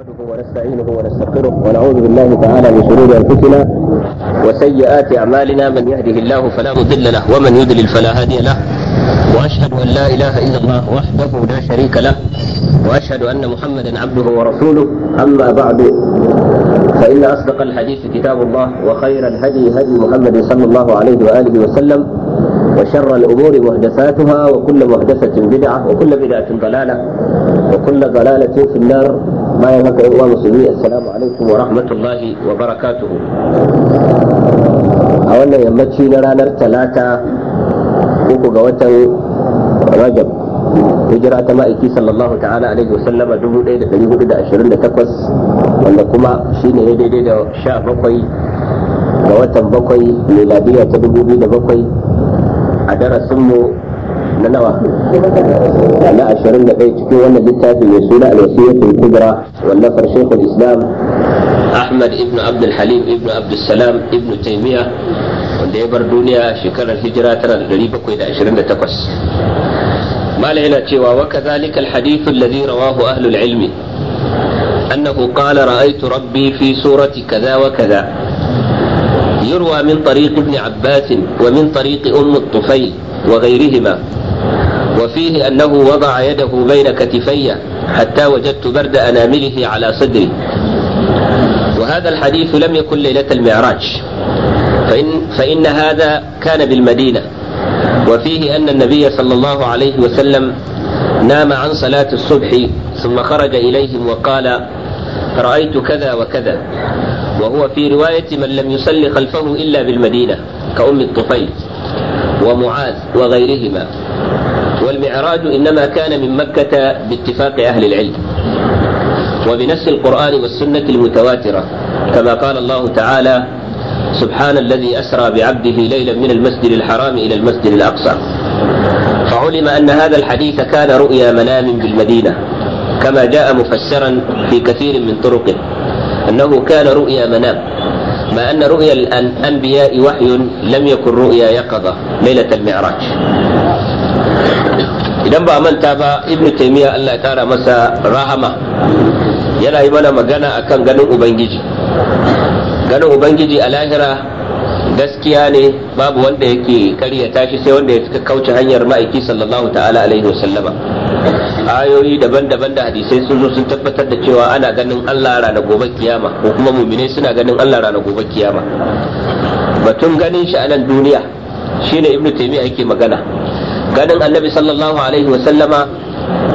نحمده ونستعينه ونستغفره ونعوذ بالله تعالى من شرور انفسنا وسيئات اعمالنا من يهده الله فلا مضل له ومن يضلل فلا هادي له واشهد ان لا اله الا الله وحده لا شريك له واشهد ان محمدا عبده ورسوله اما بعد فان اصدق الحديث كتاب الله وخير الهدي هدي محمد صلى الله عليه واله وسلم وشر الامور محدثاتها وكل محدثه بدعه وكل بدعه ضلاله وكل ضلالة في النار ما يمك إخوة مسلمين السلام عليكم ورحمة الله وبركاته أولا يمتشي نرانر ثلاثة uku ga watan rajab hijira ta ma'aiki sallallahu ta'ala alaihi wasallama 1428 wanda kuma shine ya daidai da sha bakwai ga watan bakwai miladiya ta 2007 a darasinmu na nawa na ashirin da ɗaya cikin wannan littafi mai suna alwasiyatul kubra wallafar shekul islam ahmad ibn abdul halim ibn abdul salam ibn taimiyya wanda ya bar duniya shekarar hijira tana da ɗari bakwai da ashirin da takwas malam yana cewa wa kadhalika alhadith alladhi rawahu ahlul ilmi أنه قال رأيت ربي في سورة كذا وكذا يروى من طريق ابن عباس ومن طريق أم الطفيل وغيرهما وفيه أنه وضع يده بين كتفي حتى وجدت برد أنامله على صدري وهذا الحديث لم يكن ليلة المعراج فإن, فإن هذا كان بالمدينة وفيه أن النبي صلى الله عليه وسلم نام عن صلاة الصبح ثم خرج إليهم وقال رأيت كذا وكذا وهو في رواية من لم يصلي خلفه إلا بالمدينة كأم الطفيل ومعاذ وغيرهما والمعراج إنما كان من مكة باتفاق أهل العلم وبنفس القرآن والسنة المتواترة كما قال الله تعالى سبحان الذي أسرى بعبده ليلا من المسجد الحرام إلى المسجد الأقصى فعلم أن هذا الحديث كان رؤيا منام بالمدينة كما جاء مفسرا في كثير من طرقه أنه كان رؤيا منام ما أن رؤيا الأنبياء وحي لم يكن رؤيا يقظة ليلة المعراج idan ba manta ba ibn taymiya Allah ya kara masa rahama yana yi mana magana akan ganin ubangiji ganin ubangiji a lahira gaskiya ne babu wanda yake karyata tashi, sai wanda ya kauce hanyar ma'aiki sallallahu ta'ala alaihi wasallama ayoyi daban-daban da hadisai sun zo sun tabbatar da cewa ana ganin Allah ranar gobe kiyama ko kuma mumine suna ganin Allah ranar gobe kiyama batun ganin shi a nan duniya shine ibnu taymiya yake magana ganin annabi sallallahu alaihi wasallama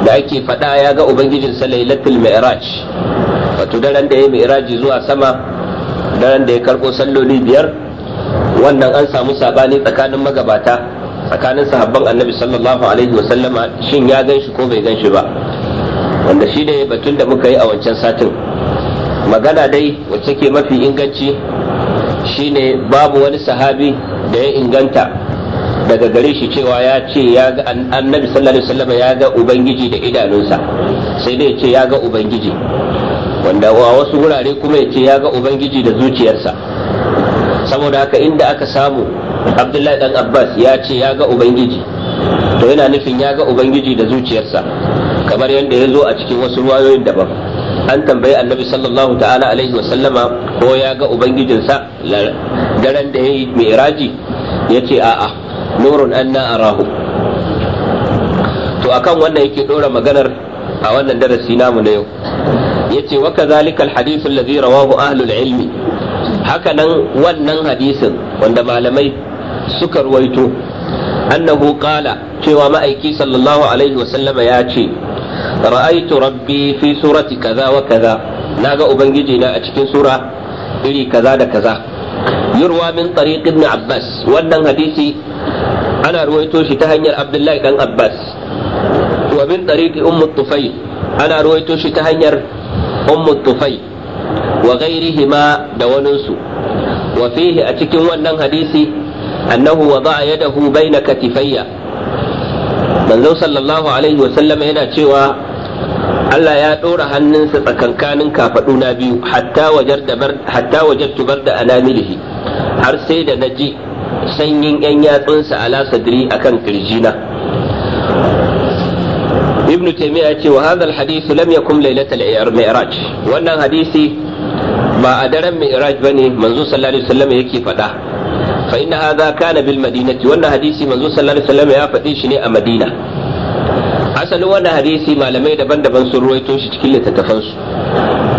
da ake faɗa ya ga ubangijinsa lailatul mi'raj wato daren da ya mi'raji zuwa sama daren da ya karɓo salloli biyar wannan an samu sabani tsakanin magabata tsakanin sahabban annabi sallallahu alaihi wasallama shin ya gan ko bai gan ba wanda shi ne batun da muka yi a wancan satin magana dai wacce ke mafi inganci shine babu wani sahabi da ya inganta daga gare shi cewa ya ce ya ga annabi sallallahu alaihi wasallam ya ga ubangiji da idanunsa sai dai ce ya ga ubangiji wanda a wasu wurare kuma ya ce ya ga ubangiji da zuciyarsa saboda haka inda aka samu abdullahi dan abbas ya ce ya ga ubangiji to yana nufin ya ga ubangiji da zuciyarsa kamar yadda ya zo a cikin wasu ruwayoyin daban an tambayi annabi sallallahu ta'ala alaihi wasallama ko ya ga ubangijinsa daren da ya yi mai ya ce a'a nurun anna arahu to akan wannan yake dora maganar a wannan darasi namu na yau yace wa kadhalika alhadith alladhi rawahu ahlul ilmi haka nan wannan hadisin wanda malamai suka ruwaito annahu qala cewa ma'aiki sallallahu alaihi wasallama ya ce ra'aitu rabbi fi surati kaza wa kaza naga ubangiji na a cikin sura iri kaza da kaza yurwa min tariq ibn abbas wannan hadisi ana ruwaito shi ta hanyar abdullahi dan abbas wa min tariqi ummu tufai. ana ruwaito shi ta hanyar ummu tufai. wa ghairihima da waninsu wa fihi a cikin wannan hadisi annahu wada'a yadahu baina katifayya manzo sallallahu alaihi wa sallam yana cewa Allah ya ɗora hannunsa tsakankanin kafaduna biyu hatta wajar da hatta wajartu barda anamilihi har sai da naji sanyin yan yatsunsa ala sadri akan kirjina ibnu taymiya ce wa hadha alhadith lam yakum laylatal mi'raj wannan hadisi ba a daren mi'raj bane manzo sallallahu alaihi wasallam yake faɗa fa inna hadha kana bil madinati wannan hadisi manzo sallallahu alaihi wasallam ya faɗi shi ne a madina asalin wannan hadisi malamai daban-daban sun ruwaito shi cikin littattafansu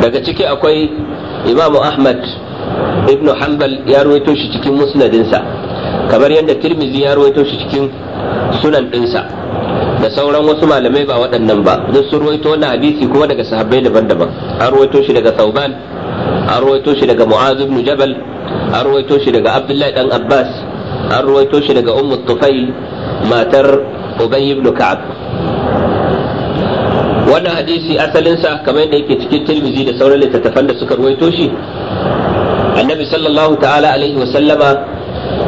daga ciki akwai imamu ahmad ibnu hanbal ya ruwaito shi cikin musnadinsa kamar yadda tirmizi ya ruwaito shi cikin sunan ɗinsa da sauran wasu malamai ba waɗannan ba duk sun ruwaito wannan hadisi kuma daga sahabai daban-daban an ruwaito shi daga sauban an ruwaito shi daga mu'az ibn jabal an ruwaito shi daga abdullahi dan abbas an ruwaito shi daga ummu tufail matar ubay ibn ka'ab wannan hadisi asalinsa kamar yadda yake cikin tirmizi da sauran littattafan da suka ruwaito shi annabi sallallahu ta'ala alaihi wasallama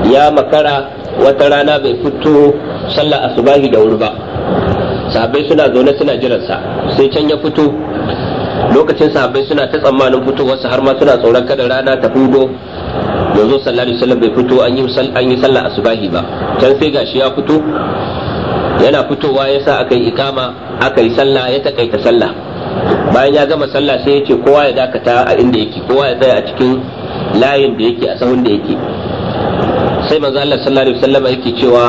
ya makara wata rana bai fito sallah asubahi da wuri ba sahabbai suna zaune suna jiransa sai can ya fito lokacin sahabbai suna ta tsammanin wasu har ma suna tsoron kada rana ta hudo yanzu sallallahu alaihi wasallam bai fito an yi an yi sallah asubahi ba can sai gashi ya fito yana fitowa ya sa aka yi ikama aka yi sallah ya takaita sallah bayan ya gama sallah sai ya ce kowa ya dakata a inda yake kowa ya tsaya a cikin layin da yake a sahun da yake sai manzo Allah sallallahu alaihi wasallam yake cewa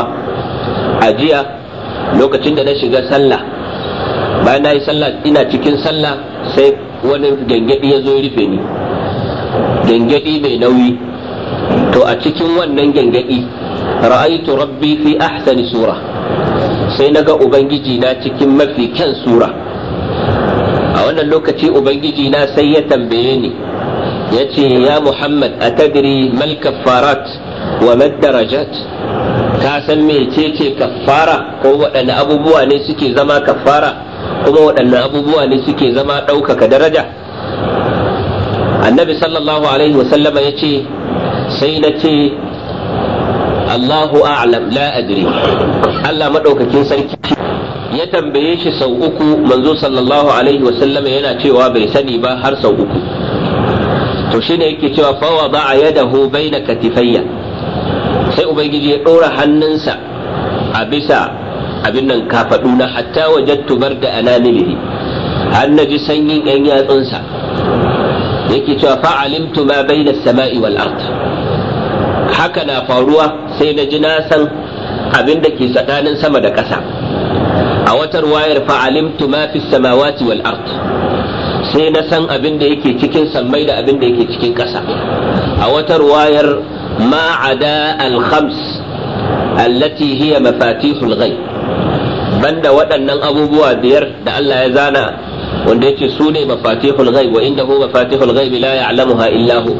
ajiya lokacin da na shiga sallah bayan na yi sallah ina cikin sallah sai wani gangadi ya zo rufe ni gangadi mai nauyi to a cikin wannan gangadi ra'aitu rabbi fi ahsani sura sai na ga ubangiji na cikin mafi kyan sura a wannan lokaci ubangiji na sai ya tambaye ni ya ce ya muhammad a tadiri mal kaffarat wa madarajat ka san mece ce kaffara ko waɗanne abubuwa ne suke zama kaffara kuma waɗanne abubuwa ne suke zama ɗaukaka daraja annabi sallallahu alaihi wasallama ya ce sai na ce allahu a'lam la adri allah maɗaukakin sarki ya tambaye shi sau uku manzo sallallahu alaihi wasallama yana cewa bai sani ba har sau uku to shine yake cewa fa wada yadahu na katifayya sai ubangiji ya ɗora hannunsa a bisa abin nan na, hatta wajattu barda ananilihi har na ji sanyin yan yatsunsa yake cewa fa'alimtu ma bayna sama'i wal ard haka na faruwa sai na ji na san abin da ke tsakanin sama da ƙasa a watar wayar fa'alimtu ma fi samawati wal ard sai na san abin da yake cikin sammai da abin da yake cikin ƙasa a watar wayar ما عدا الخمس التي هي مفاتيح الغيب banda waɗannan abubuwa biyar da Allah ya zana wanda yake su ne mafatihul ghaib wa indahu mafatihul ghaib la ya'lamuha illa hu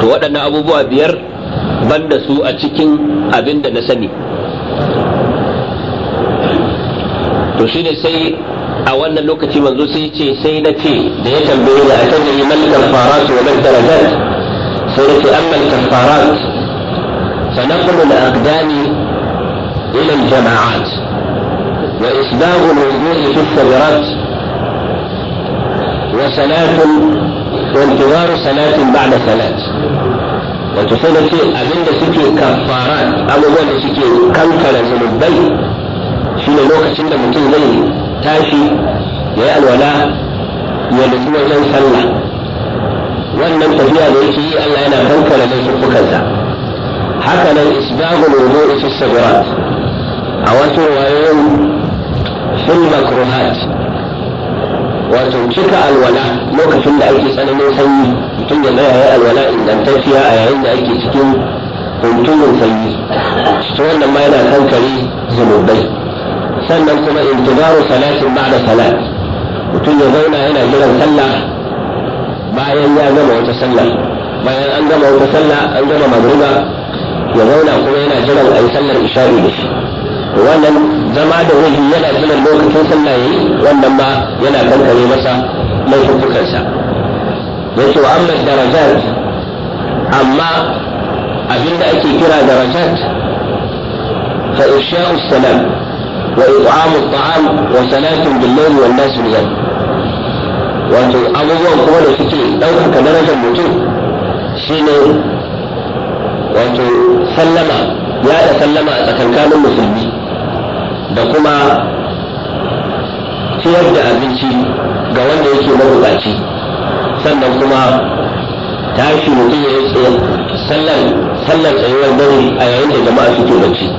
to waɗannan abubuwa biyar banda su a cikin abinda na sani to shine sai a wannan lokaci manzo sai ce sai na ce da ya tambaye ni a kan na kafaratu wa mal darajat سنتأمل الكفارات فنقل الأقدام إلى الجماعات وإسباغ الوضوء في الثغرات وصلاة وانتظار صلاة بعد صلاة وتقول في أبن سكي كفارات أبو بن سكي كنفر من البيت في الوقت سنة متنزل تاشي يا الولاء يلتوى جن صلى wannan tafiya da yake yi Allah yana kankare laifukansa haka nan isbagul wudu'i fi sabirat a wasu wayoyin fil makruhat wato cika alwala lokacin da ake tsananin sanyi mutum ya tsaya ya alwala ingantacciya a yayin da ake cikin kuntumin sanyi to wannan ma yana kankare zunubai sannan kuma intibaru salatin ba'da salat mutum ya zauna yana jiran sallah bayan ya gama wata sallar bayan an gama wata sallah an gama magriba ya zauna kuma yana jiran a yi sallar isha'i da shi wannan zama da wuri yana jiran lokacin sallah yayi wannan ma yana kankare masa sa yace wa amma darajat amma abinda ake kira darajat fa isha'u salam wa it'amu at-ta'am wa salatu bil-layli wan-nasu niyam wato abubuwan kuma da suke ɗaukaka darajar mutum shine wato sallama ya da sallama a tsakankanin musulmi da kuma ciyar da abinci ga wanda yake buƙaci, sannan kuma tashi mutum ya yi sallar tsayuwar dare a yayin da jama'a suke bacci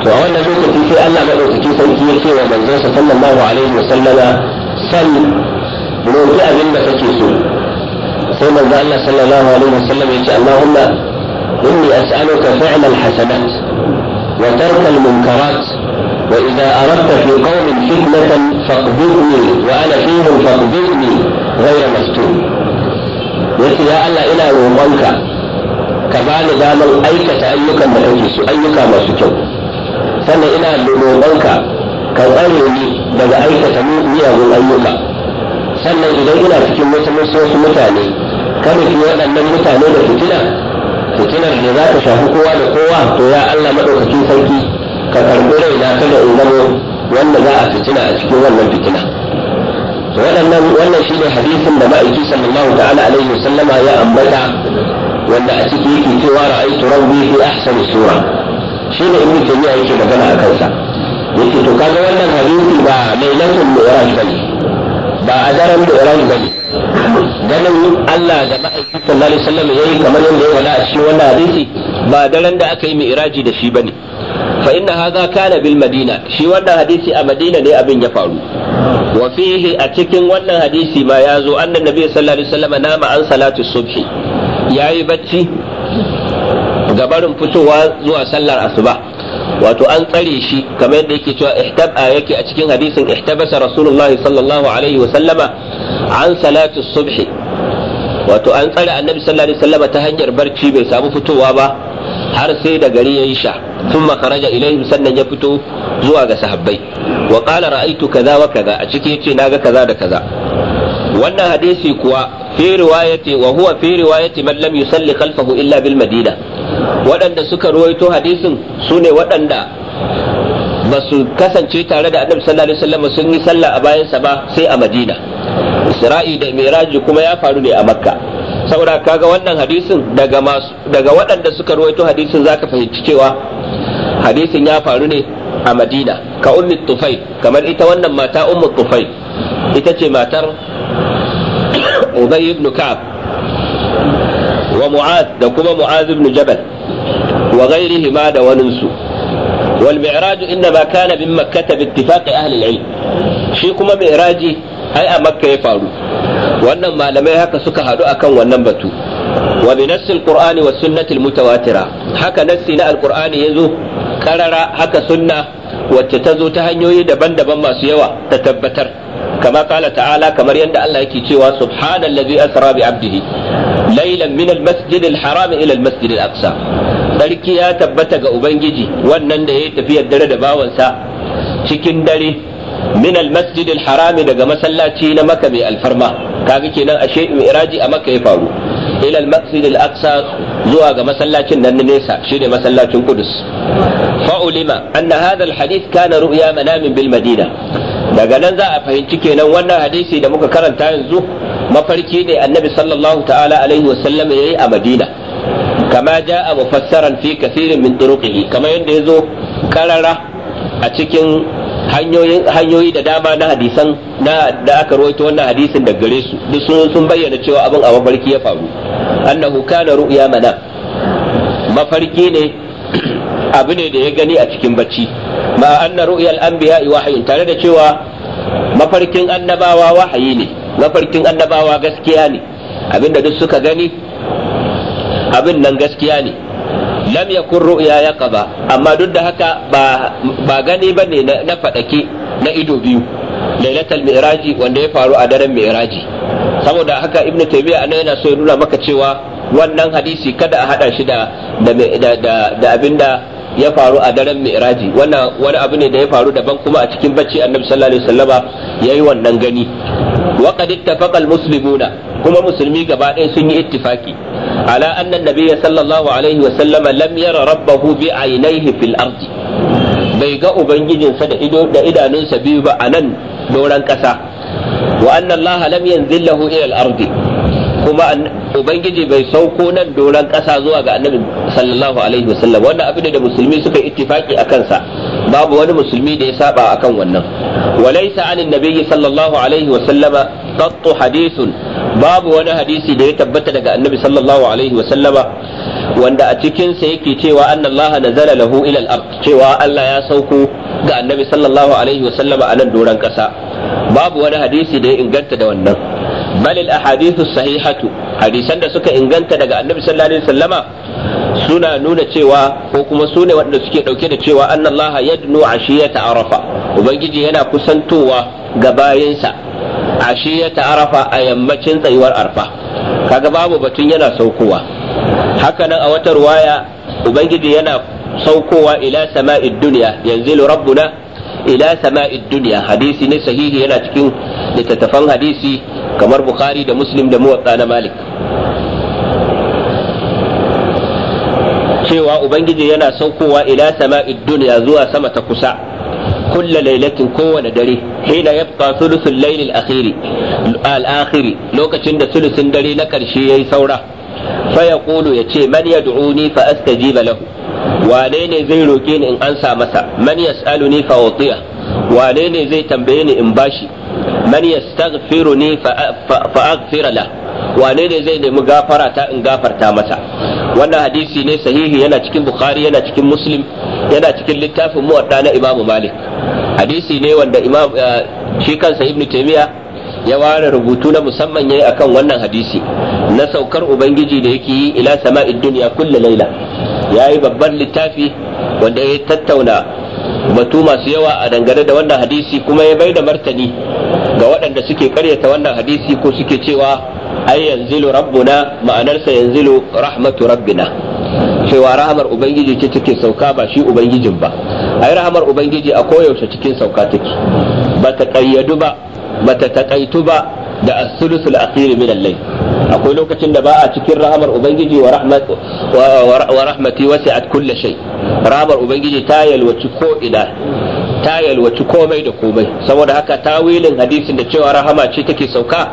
to a wannan lokaci sai Allah maɗaukaki sarki ya ce wa manzon sallallahu alaihi wa sallama الإنسان لو جاء بالله فتي سوء ثم قال صلى الله عليه وسلم يقول اللهم إني أسألك فعل الحسنات وترك المنكرات وإذا أردت في قوم فتنة فاقبضني وأنا فيهم فاقبضني غير مفتون يقول يا الله إلى رومانكا كما دام أيك تأيكا ما تجلس أيك ما سكت فأنا إلى رومانكا ka tsare ni daga aikata miyagun ayyuka sannan idan ina cikin wasu wasu mutane kada ki waɗannan mutane da fitina fitinar da za ta shafi kowa da kowa to ya Allah maɗaukakin sarki ka karɓi raina kada in zamo wanda za a fitina a cikin wannan fitina to waɗannan wannan shine hadisin da ma'aiki sallallahu ta'ala alaihi wasallama ya ambata wanda a ciki yake cewa ra'aytu rabbi fi ahsani sura shine ibnu taymiya yake magana a kansa yake to kaga wannan hadisi ba lailatul mi'raj bane ba a daren mi'raj bane ganin Allah da ma'aikin sallallahu alaihi wasallam yayi kamar yadda ya wala a cikin wannan hadisi ba daren da aka yi mi'raji da shi bane fa inna hadha kana bil madina shi wannan hadisi a madina ne abin ya faru wa fihi a cikin wannan hadisi ma ya zo annan nabi sallallahu alaihi wasallam nama an salatu subhi yayi bacci gabarin fitowa zuwa sallar asuba wato an tsare shi kamar yadda yake cewa ihtaba yake a cikin hadisin ihtabasa rasulullahi sallallahu alaihi wa sallama an salatu subh wato an tsare annabi sallallahu alaihi wasallama ta hanyar barci bai samu fitowa ba har sai da gari ya sha sun makaraja ilaihim sannan ya fito zuwa ga sahabbai wa qala ra'aitu kaza wa kaza a ciki yace naga kaza da kaza wannan hadisi kuwa fi riwayati wa huwa fi riwayati man lam yusalli khalfahu illa bil madina waɗanda suka ruwaito hadisin sune waɗanda ba su kasance tare da annabi sallallahu alaihi wasallam sun yi sallah a bayansa ba sai a madina isra'i da miraji kuma ya faru ne a makka saboda kaga wannan hadisin daga masu daga waɗanda suka ruwaito hadisin zaka fahimci cewa hadisin ya faru ne a madina ka ummi tufai kamar ita wannan mata ummu tufai ita ce matar ubay ibn wa mu'ad da kuma mu'ad ibn jabal wa ghairihima da waninsu wal mi'raj innama kana min makkah bi ittifaqi ahli al-ilm shi kuma mi'raji ai a makka ya faru wannan malamai haka suka haɗu a kan wannan batu wa bi nassi al-qur'ani was mutawatira haka nassi na al ya zo karara haka sunna wacce ta zo ta hanyoyi daban-daban masu yawa ta tabbatar kama kala ta'ala kamar yadda Allah yake ce wa asra bi abdihi laylan min al-masjid al-haram ila al-masjid aqsa sarki ya tabbata ga ubangiji wannan da ya yi tafiyar dare da bawansa cikin dare Minal al-masjid daga masallaci maka mai alfarma kaga kenan ashe in iraji a maka ya faru ila al-masjid zuwa ga masallacin nan nesa shine masallacin Kudus. Fa'ulima ulima anna hadha al-hadith kana ru'ya manamin bil Madina daga nan za a fahimci kenan wannan hadisi da muka karanta yanzu mafarki ne annabi sallallahu ta'ala alaihi wa sallam yayi a madina kama ja'a mufassaran fi kasirin min turuqihi kama yadda ya zo karara a cikin hanyoyi da dama na hadisan na da aka rawaito wannan hadisin da gare su duk sun sun bayyana cewa abin a mafarki ya faru annahu kana ru'ya mana mafarki ne abu ne da ya gani a cikin bacci ma anna ru'yal anbiya wahayin tare da cewa mafarkin annabawa wahayi ne mafarkin annabawa gaskiya ne abinda duk suka gani abin nan gaskiya ne lam yakun ru'ya yaqaba amma duk da haka ba ba gani bane na fadake na ido biyu lailatul mi'raji wanda ya faru a daren mi'raji saboda haka ibnu taymiya anan yana so ya nuna maka cewa wannan hadisi kada a hada shi da da da abinda ya faru a daren mi'raji wannan wani abu ne da ya faru daban kuma a cikin bacci annabi sallallahu alaihi wasallama yi wannan gani wa qad ittafaqa almuslimuna kuma musulmi gaba ɗaya sun yi ittifaki ala anna nabiyya sallallahu alaihi wasallama lam yara rabbahu bi ainihi fil ardi bai ga ubangijinsa da ido da idanunsa biyu ba a nan doran ƙasa wa anna allaha lam yanzillahu ila al-ardi kuma ubangiji bai sauko nan doron kasa zuwa ga annabi sallallahu alaihi wasallam wannan abin da musulmi suka ittifaki a kansa babu wani musulmi da ya saba akan wannan walaysa anin nabiyyi sallallahu alaihi wasallam qattu hadithun babu wani hadisi da ya tabbata daga annabi sallallahu alaihi wasallam wanda a cikin sa yake cewa annallaha nazala lahu ila al-ard cewa Allah ya sauko ga annabi sallallahu alaihi wasallam a nan doron ƙasa babu wani hadisi da ya inganta da wannan bal al ahadithu sahihatu hadisan da suka inganta daga annabi sallallahu alaihi wasallama suna nuna cewa ko kuma sune waɗanda suke ɗauke da cewa annallaha yadnu ashiyata arafa ubangiji yana kusantowa ga bayansa ashiyata arafa a yammacin tsayuwar arfa kaga babu batun yana saukowa hakanan a wata ruwaya ubangiji yana saukowa ila sama'id duniya yanzilu rabbuna ila sama'id dunya hadisi ne sahihi yana cikin littattafan hadisi kamar bukhari da muslim da muwatta na malik cewa ubangiji yana saukowa ila sama'id dunya zuwa sama ta kusa kulla lailatin kowane dare hina yabqa thuluthul layl al-akhir al-akhir lokacin da sulusin dare na karshe yayi saura fa ya ce man ya yad'uni fa astajiba lahu wane ne zai roke ni in ansa masa man yas'aluni fa utiya wane ne zai tambaye ni in bashi man yastaghfiruni fa aghfira lahu wane ne zai nemi gafara ta in gafarta masa wannan hadisi ne sahihi yana cikin bukhari yana cikin muslim yana cikin littafin muwadda na imam malik hadisi ne wanda imam eh, shi kansa ibnu taymiya ya ware rubutu na musamman yayi akan wannan hadisi na saukar ubangiji da yake yi ila sama'id dunya kulla laila yayi babban littafi wanda ya tattauna batu masu yawa a dangane da wannan hadisi kuma ya bai da martani ga waɗanda suke karyata wannan hadisi ko suke cewa ai yanzilu rabbuna ma'anarsa yanzilu rahmatu rabbina cewa rahamar ubangiji ce take sauka ba shi ubangijin ba ai rahamar ubangiji a koyaushe cikin sauka take ba ta ƙayyadu ba bata takaitu ba da as-sulusul akhir min al-layl akwai lokacin da ba a cikin rahamar ubangiji wa rahmati wasi'at kulli shay rahamar ubangiji ta yalwaci ko ina ta yalwaci komai da komai saboda haka tawilin hadisin da cewa rahama ce take sauka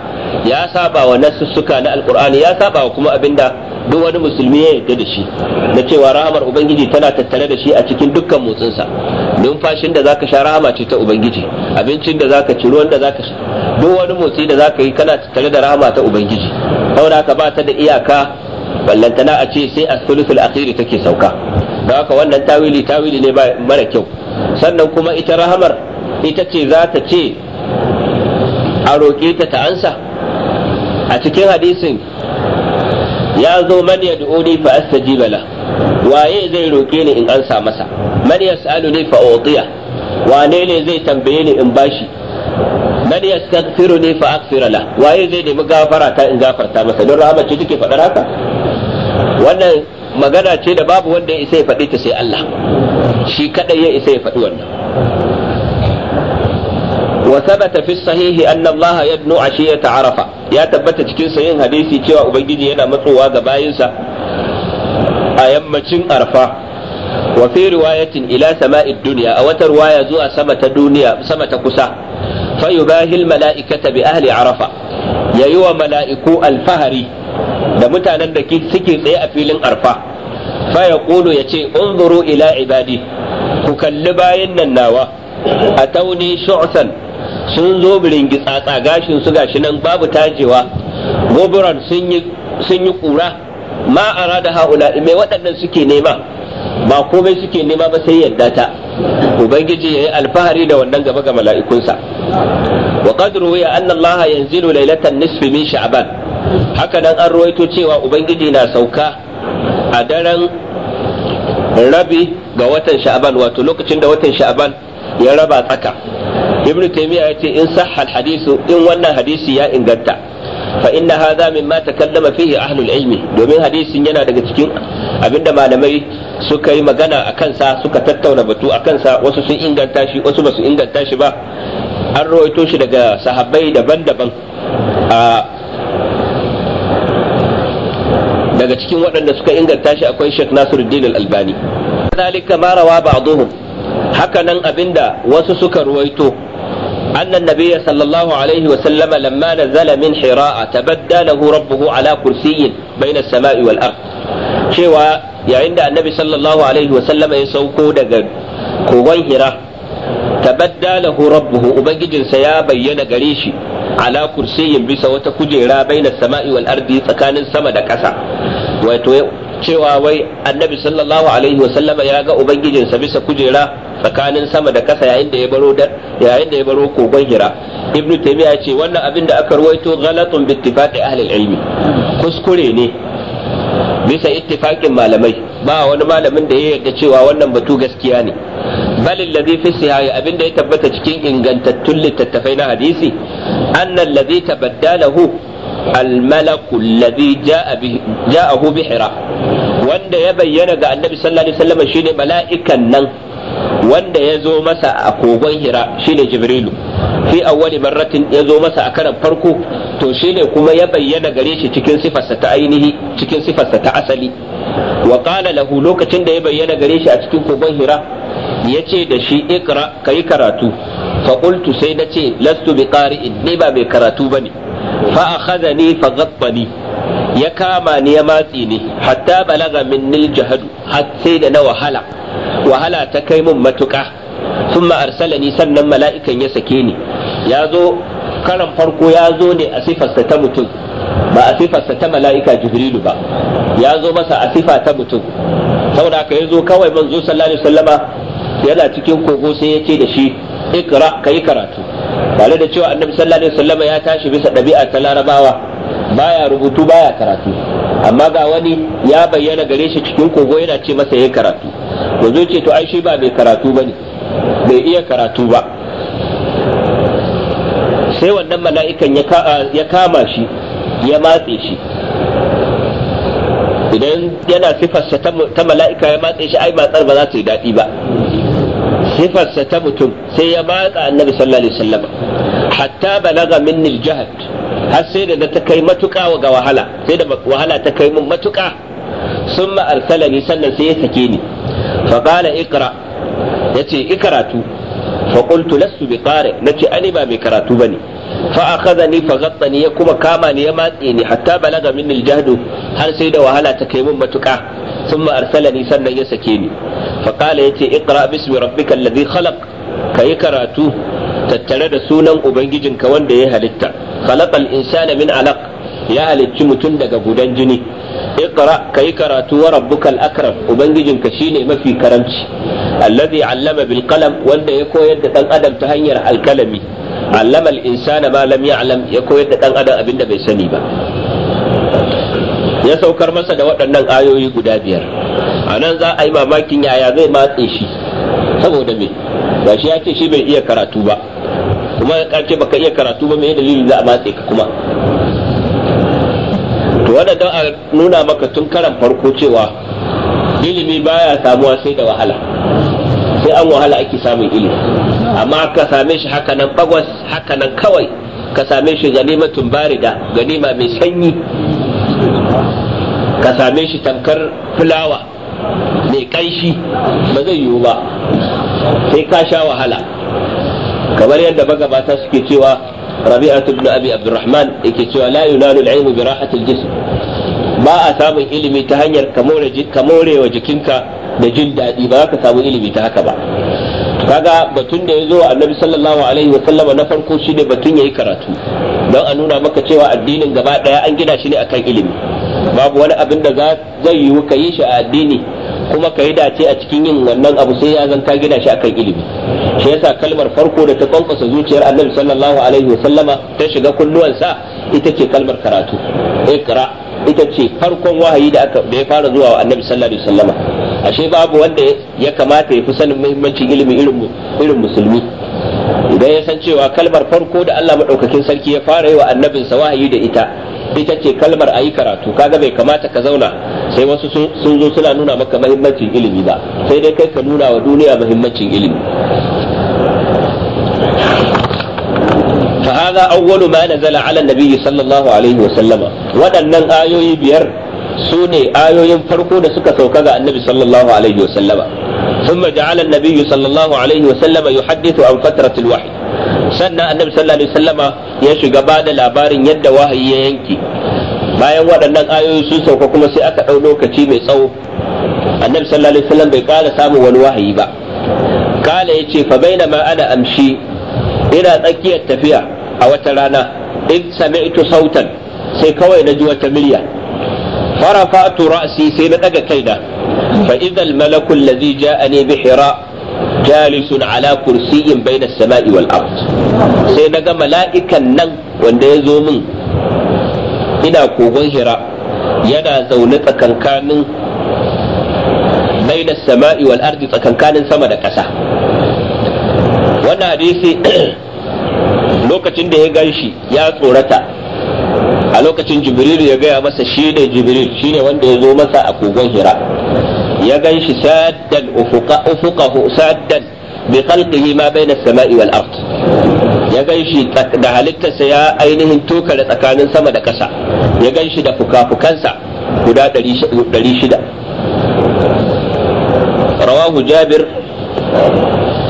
ya saba wa nasussuka na alkur'ani ya saba wa kuma abinda duk wani musulmi ya yarda da shi na cewa rahamar ubangiji tana tattare da shi a cikin dukkan motsinsa numfashin da zaka sha rahama ce ta ubangiji abincin da zaka ci ruwan da zaka sha duk wani motsi da zaka yi kana tattare da rahama ta ubangiji saboda haka ba ta da iyaka ballantana a ce sai a sulusul akhiri take sauka don haka wannan tawili tawili ne mara kyau sannan kuma ita rahamar ita ce za ta ce a roƙe ta ta ansa a cikin hadisin ya zo man ya du'uni fa astajiba la waye zai roƙe ni in ansa masa man yas'alu ni fa utiya wane ne zai tambaye ni in bashi man yastaghfiru ni fa aghfira waye zai nemi gafara ta in gafarta masa don rahama ce take faɗar haka wannan magana ce da babu wanda ya isa ya faɗi ta sai Allah shi kadai ya isa ya faɗi wannan wa sabata fi sahihi anna Allah yadnu ashiyata arafa ya tabbata cikin sahihin hadisi cewa ubangiji yana matsowa ga bayinsa a yammacin arfa wa fi riwayatin ila sama'i dunya a wata riwaya zuwa sama ta duniya sama ta kusa fa yubahil mala'ikata bi ahli arafa yayi wa mala'iku alfahari da mutanen da suke tsaye a filin arfa fa ya yace unzuru ila ibadi ku kalli bayan nan nawa a tauni shu'san sun zo biringi tsatsa gashin su gashi nan babu tajewa goburan sun yi sun yi kura ma arada haula mai waɗannan suke nema ba komai suke nema ba sai yadda ta ubangiji yayi alfahari da wannan gaba ga mala'ikunsa wa qadru ya anna allaha yanzilu lailatan nisfi min sha'ban haka nan an ruwaito cewa ubangiji na sauka a daren rabi ga watan sha'aban wato lokacin da watan sha'aban ya raba tsaka ibn taymiya ya ce in sahha hadisu in wannan hadisi ya inganta fa inna hadha mimma takallama fihi ahlul ilmi domin hadisin yana daga cikin abinda malamai suka yi magana a kansa suka tattauna batu a kansa wasu sun inganta shi wasu basu inganta shi ba an rawaito shi daga sahabbai daban-daban a daga cikin waɗanda suka inganta shi akwai Sheikh Nasiruddin Al-Albani kadhalika ma rawa ba'dhum haka nan abinda wasu suka ruwaito annan nabiyya sallallahu alaihi wa sallama lamma nazala min hira'a tabaddalahu rabbuhu ala kursiyyin bayna as-sama'i wal ard cewa yayin da annabi sallallahu alaihi wa sallama ya sauko daga kogon hira tabadda lahu rabbuhu ubangijinsa ya bayyana gare shi ala kursiyin bisa wata kujera bainas sama'i wal ardi tsakanin sama da ƙasa wato cewa wai annabi sallallahu alaihi wa sallama ya ga ubangijinsa bisa kujera tsakanin sama da ƙasa yayin da ya baro da yayin da ya baro kogon hira ibnu taymiya ce wannan abin da aka ruwaito ghalatun bi ittifaqi ahli ilmi kuskure ne bisa ittifakin malamai ba wani malamin da ya yarda cewa wannan batu gaskiya ne bal alladhi fi sihah abinda ya tabbata cikin ingantattun littattafai na hadisi anna alladhi tabaddalahu الملك الذي جاء به جاءه hira. wanda ya bayyana ga annabi sallallahu alaihi wasallam shine mala'ikan nan wanda ya zo masa a kogon hira shine jibrilu fi awwali marratin ya zo masa a karan farko to shine kuma ya bayyana gare shi cikin sifarsa ta ainihi cikin sifarsa ta asali wa qala lahu lokacin da ya bayyana gare shi a cikin kogon hira yace da shi ikra kai karatu fa qultu sai nace lastu bi qari'in ni ba mai karatu bane fa akhadhani fa ghattani ya kama ni ya matsi ni hatta balaga min nil jahadu har sai da na wahala wahala ta kai mun matuƙa ma'arsala ni sannan mala'ikan ya sake ni ya zo karan farko ya zo ne a sifarsa ta mutum ba a sifarsa ta mala'ika jibrilu ba ya zo masa a sifa ta mutum saboda haka ya zo kawai manzo sallallahu alaihi wasallama yana cikin kogo sai ya ce da shi ikra kai karatu tare da cewa annabi sallallahu alaihi wasallama ya tashi bisa ɗabi'a ta larabawa baya rubutu baya karatu amma ga wani ya bayyana gare shi cikin kogo yana ce masa yayi karatu yanzu ce to ai shi ba mai karatu bane bai iya karatu ba sai wannan mala'ikan ya kama shi ya matse shi idan yana sifarsa ta mala'ika ya matse shi ai matsar ba za ta yi daɗi ba sifarsa ta mutum sai ya matsa annabi sallallahu alaihi wasallam hatta balaga minni jihad har sai da ta kai matuƙa ga wahala sai da wahala ta kai min matuƙa sun ma'arsalani sannan sai ya sake ni faƙala ikra yace i karatu fa qultu lastu bi qari nace ani ba mai karatu bane fa akhadhani fa ya kuma kama ni ya matse ni hatta balaga minni aljahdu har sai da wahala ta kai min matuka thumma ni sannan ya sake ni fa qala yace iqra bismi rabbika alladhi khalaq yi karatu tattare da sunan ubangijinka wanda ya halitta khalaqal insana min alaq ya halicci mutum daga gudan jini ka yi karatu bukal rabbukal akram ubangijinka shine mafi karamci allazi allama bilkalam qalam wanda ya koyar da dan adam ta hanyar alkalami allama al insana ma lam ya koyar da dan adam abinda bai sani ba ya saukar masa da waɗannan ayoyi guda biyar a nan za a mamakin yaya zai matse shi saboda me ba shi ya ce shi bai iya karatu ba kuma ya ce baka iya karatu ba me dalilin za a matse ka kuma to wanda don a nuna maka tun karan farko cewa ilimi baya samuwa sai da wahala sai an wahala ake samun ilimi amma ka same shi haka nan bagwas haka nan kawai ka same shi ganimatun barida ganima mai sanyi ka same shi tamkar fulawa mai kanshi ba zai yiwu ba sai ka sha wahala kamar yadda magabata suke cewa rabi'atu ibn abi abdurrahman yake cewa la yunalu al-ilmu bi rahatil jism ba a samun ilimi ta hanyar ka more wa jikinka da jin daɗi ba ka samu ilimi ta haka ba kaga batun da ya zo annabi sallallahu alaihi wa sallama na farko shi ne batun ya yi karatu don a nuna maka cewa addinin gaba daya an gina shi ne akan ilimi babu wani abin da zai yiwu ka yi shi a addini kuma ka yi dace a cikin yin wannan abu sai ya zanta gina shi akan ilimi shi yasa kalmar farko da ta kwankwasa zuciyar annabi sallallahu alaihi wa sallama ta shiga kulluwansa ita ce kalmar karatu ikra ita ce farkon wahayi da aka da ya fara zuwa wa annabi sallallahu alaihi wa sallama ashe babu wanda ya kamata ya fi sanin muhimmancin ilimi irin musulmi idan ya san cewa kalmar farko da Allah maɗaukakin sarki ya fara yi wa annabin sa wahayi da ita ita ce kalmar a yi karatu kaga bai kamata ka zauna sai wasu sun zo suna nuna maka muhimmancin ilimi ba sai dai kai ka nuna wa duniya muhimmancin ilimi فهذا أول ما ala على النبي sallallahu alaihi wa sallama waɗannan ayoyi biyar. su ne ayoyin farko da suka sauka ga annabi sallallahu alaihi wasallama ثم جعل النبي صلى الله عليه وسلم يحدث عن sannan annabi sallallahu alaihi wasallama ya shiga ba da labarin yadda wahayi ya yanke bayan waɗannan ayoyi sun sauka kuma sai aka ɗau lokaci mai tsawo annabi sallallahu alaihi wasallam bai ƙara samun wani wahayi ba kala ya ce fa baina ma ana amshi ina tsakiyar tafiya a wata rana in sami'tu sautan sai kawai na ji wata murya فرفعت رأسي سينا دقا كينا فإذا الملك الذي جاءني بحراء جالس على كرسي بين السماء والأرض سينا ملائكا نن وندزو من إنا كوغن هراء ينا زونة كان كان بين السماء والأرض كان كان سما دكسا وانا حديثي lokacin da ya gan shi ya tsorata a lokacin jibril ya gaya masa shine jibril shine wanda ya zo masa a kogon hira ya gan shi saddan ufuqa ufuqahu saddan bi khalqihi ma bayna as-sama'i wal ard ya gan shi da halittarsa ya ainihin tokare tsakanin sama da ƙasa ya gan shi da fukafukansa guda 600 rawahu jabir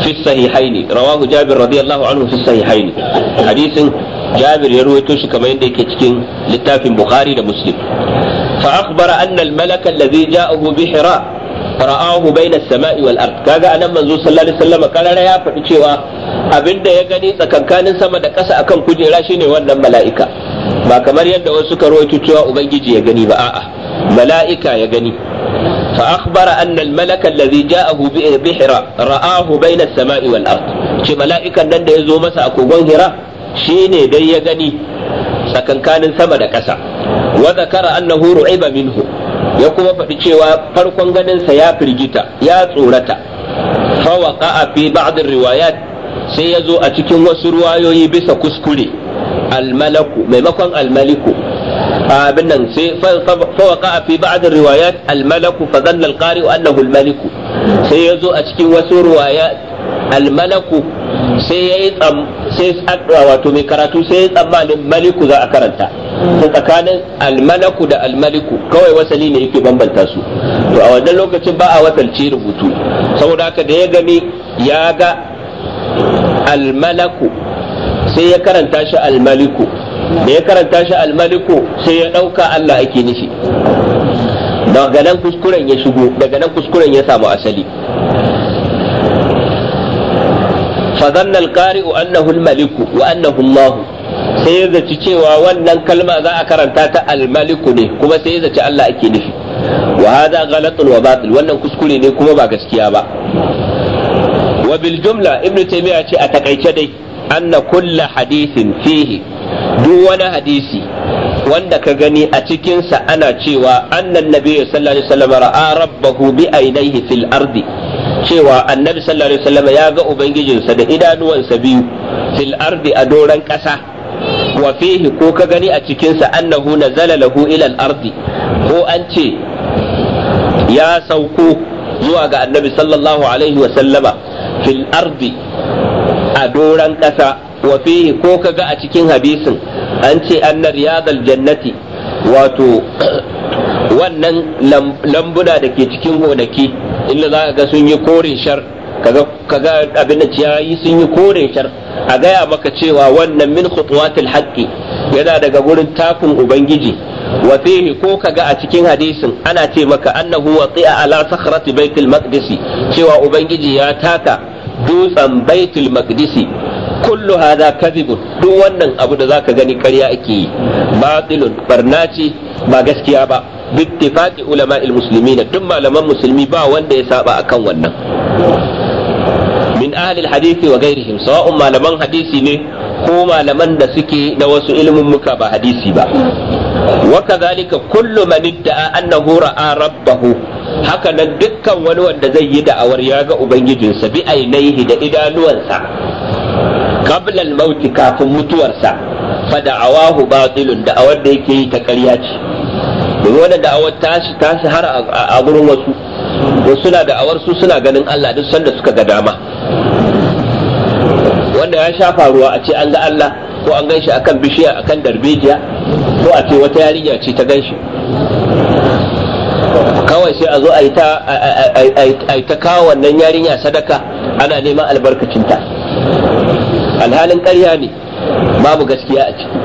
fi sahihaini rawahu jabir radiyallahu anhu fi sahihaini hadisin jabir ya ruwaito shi kamar yadda yake cikin littafin bukhari da muslim fa akhbara anna al malaka alladhi ja'ahu bi hira ra'ahu bayna as-sama'i wal ard kaga anan manzo sallallahu alaihi wasallam karara ya faɗi cewa abinda ya gani tsakankanin sama da ƙasa akan kujera shine wannan mala'ika ba kamar yadda wasu suka rawaito cewa ubangiji ya gani ba a'a mala'ika ya gani فأخبر أن الملك الذي جاءه sama'i رآه بين السماء والأرض شي ملائكة نند masa a kogon hira? shi ne dai ya gani tsakankanin sama da ƙasa wa zakara annahu ru'iba minhu ya kuma faɗi cewa farkon ganinsa ya firgita ya tsorata fawaqa'a fi ba'd riwayat sai ya zo a cikin wasu ruwayoyi bisa kuskure almalaku maimakon almaliku abin nan sai fawaqa'a fi ba'd riwayat almalaku fa dhanna alqari annahu almaliku sai ya zo a cikin wasu ruwayat almalaku sai ya yi sai wato mai karatu sai ya tsammanin maliku za a karanta to tsakanin almalaku da almaliku kawai wasali ne yake bambanta su to a wannan lokacin ba a wasalci rubutu saboda haka da ya gani ya ga almalaku sai ya karanta shi almaliku da ya karanta shi almaliku sai ya ɗauka Allah ake nufi daga nan kuskuren ya shigo daga nan kuskuren ya samu asali fa dhanna al annahu maliku wa annahu Allah sai ya zaci cewa wannan kalma za a karanta ta almaliku ne kuma sai ya zaci Allah ake nufi wa hadha ghalatun wa batil wannan kuskure ne kuma ba gaskiya ba wa jumla ibnu taymiya ce a takaice dai anna kulla hadisin fihi duk wani hadisi wanda ka gani a cikinsa ana cewa annan nabi sallallahu alaihi wasallam ra'a rabbahu bi ainihi fil ardi cewa annabi sallallahu alaihi wasallam ya ga ubangijinsa da idanuwansa biyu fil ardi a doran ƙasa wa fihi ko ka gani a cikinsa annahu nazala lahu ila ardi ko an ce ya sauko zuwa ga annabi sallallahu alaihi wasallama fil ardi a doran ƙasa wa fihi ko ka ga a cikin hadisin an ce annar riyadal jannati wato wannan lambuna da ke cikin gonaki inda za ka ga sun yi korin shar kaga abin da ciyayi sun yi korin shar a gaya maka cewa wannan min khutuwatil haqqi yana daga gurin takun ubangiji wa fihi ko kaga a cikin hadisin ana ce maka annahu waqi'a ala sakhrati baitul maqdisi cewa ubangiji ya taka dutsen baitul maqdisi kullu hadha kadhibun duk wannan abu da zaka gani ƙarya ake yi batilun barna ce ba gaskiya ba bittifaqi ulama'il ne duk malaman musulmi ba wanda ya saba akan wannan min ahli alhadith wa ghayrihim sawa'un malaman hadisi ne ko malaman da suke na wasu ilimin muka ba hadisi ba wa kadhalika kullu man idda'a annahu ra'a rabbahu haka nan dukkan wani wanda zai yi da'awar ya ga ubangijinsa bi ainihi da idanuwansa qabla mauki kafin mutuwarsa fa da'awahu batilun da yake yi ta ƙarya ce domin wannan da'awar ta shi har a gurin wasu wasu suna da'awar su suna ganin Allah duk sanda suka ga dama wanda ya sha faruwa a ce an ga Allah ko an ganshi akan bishiya akan darbejiya ko a ce wata yarinya ce ta ganshi, kawai sai a zo a yi ta kawo wannan yarinya sadaka ana neman albarkacinta alhalin ƙarya ne babu gaskiya a ciki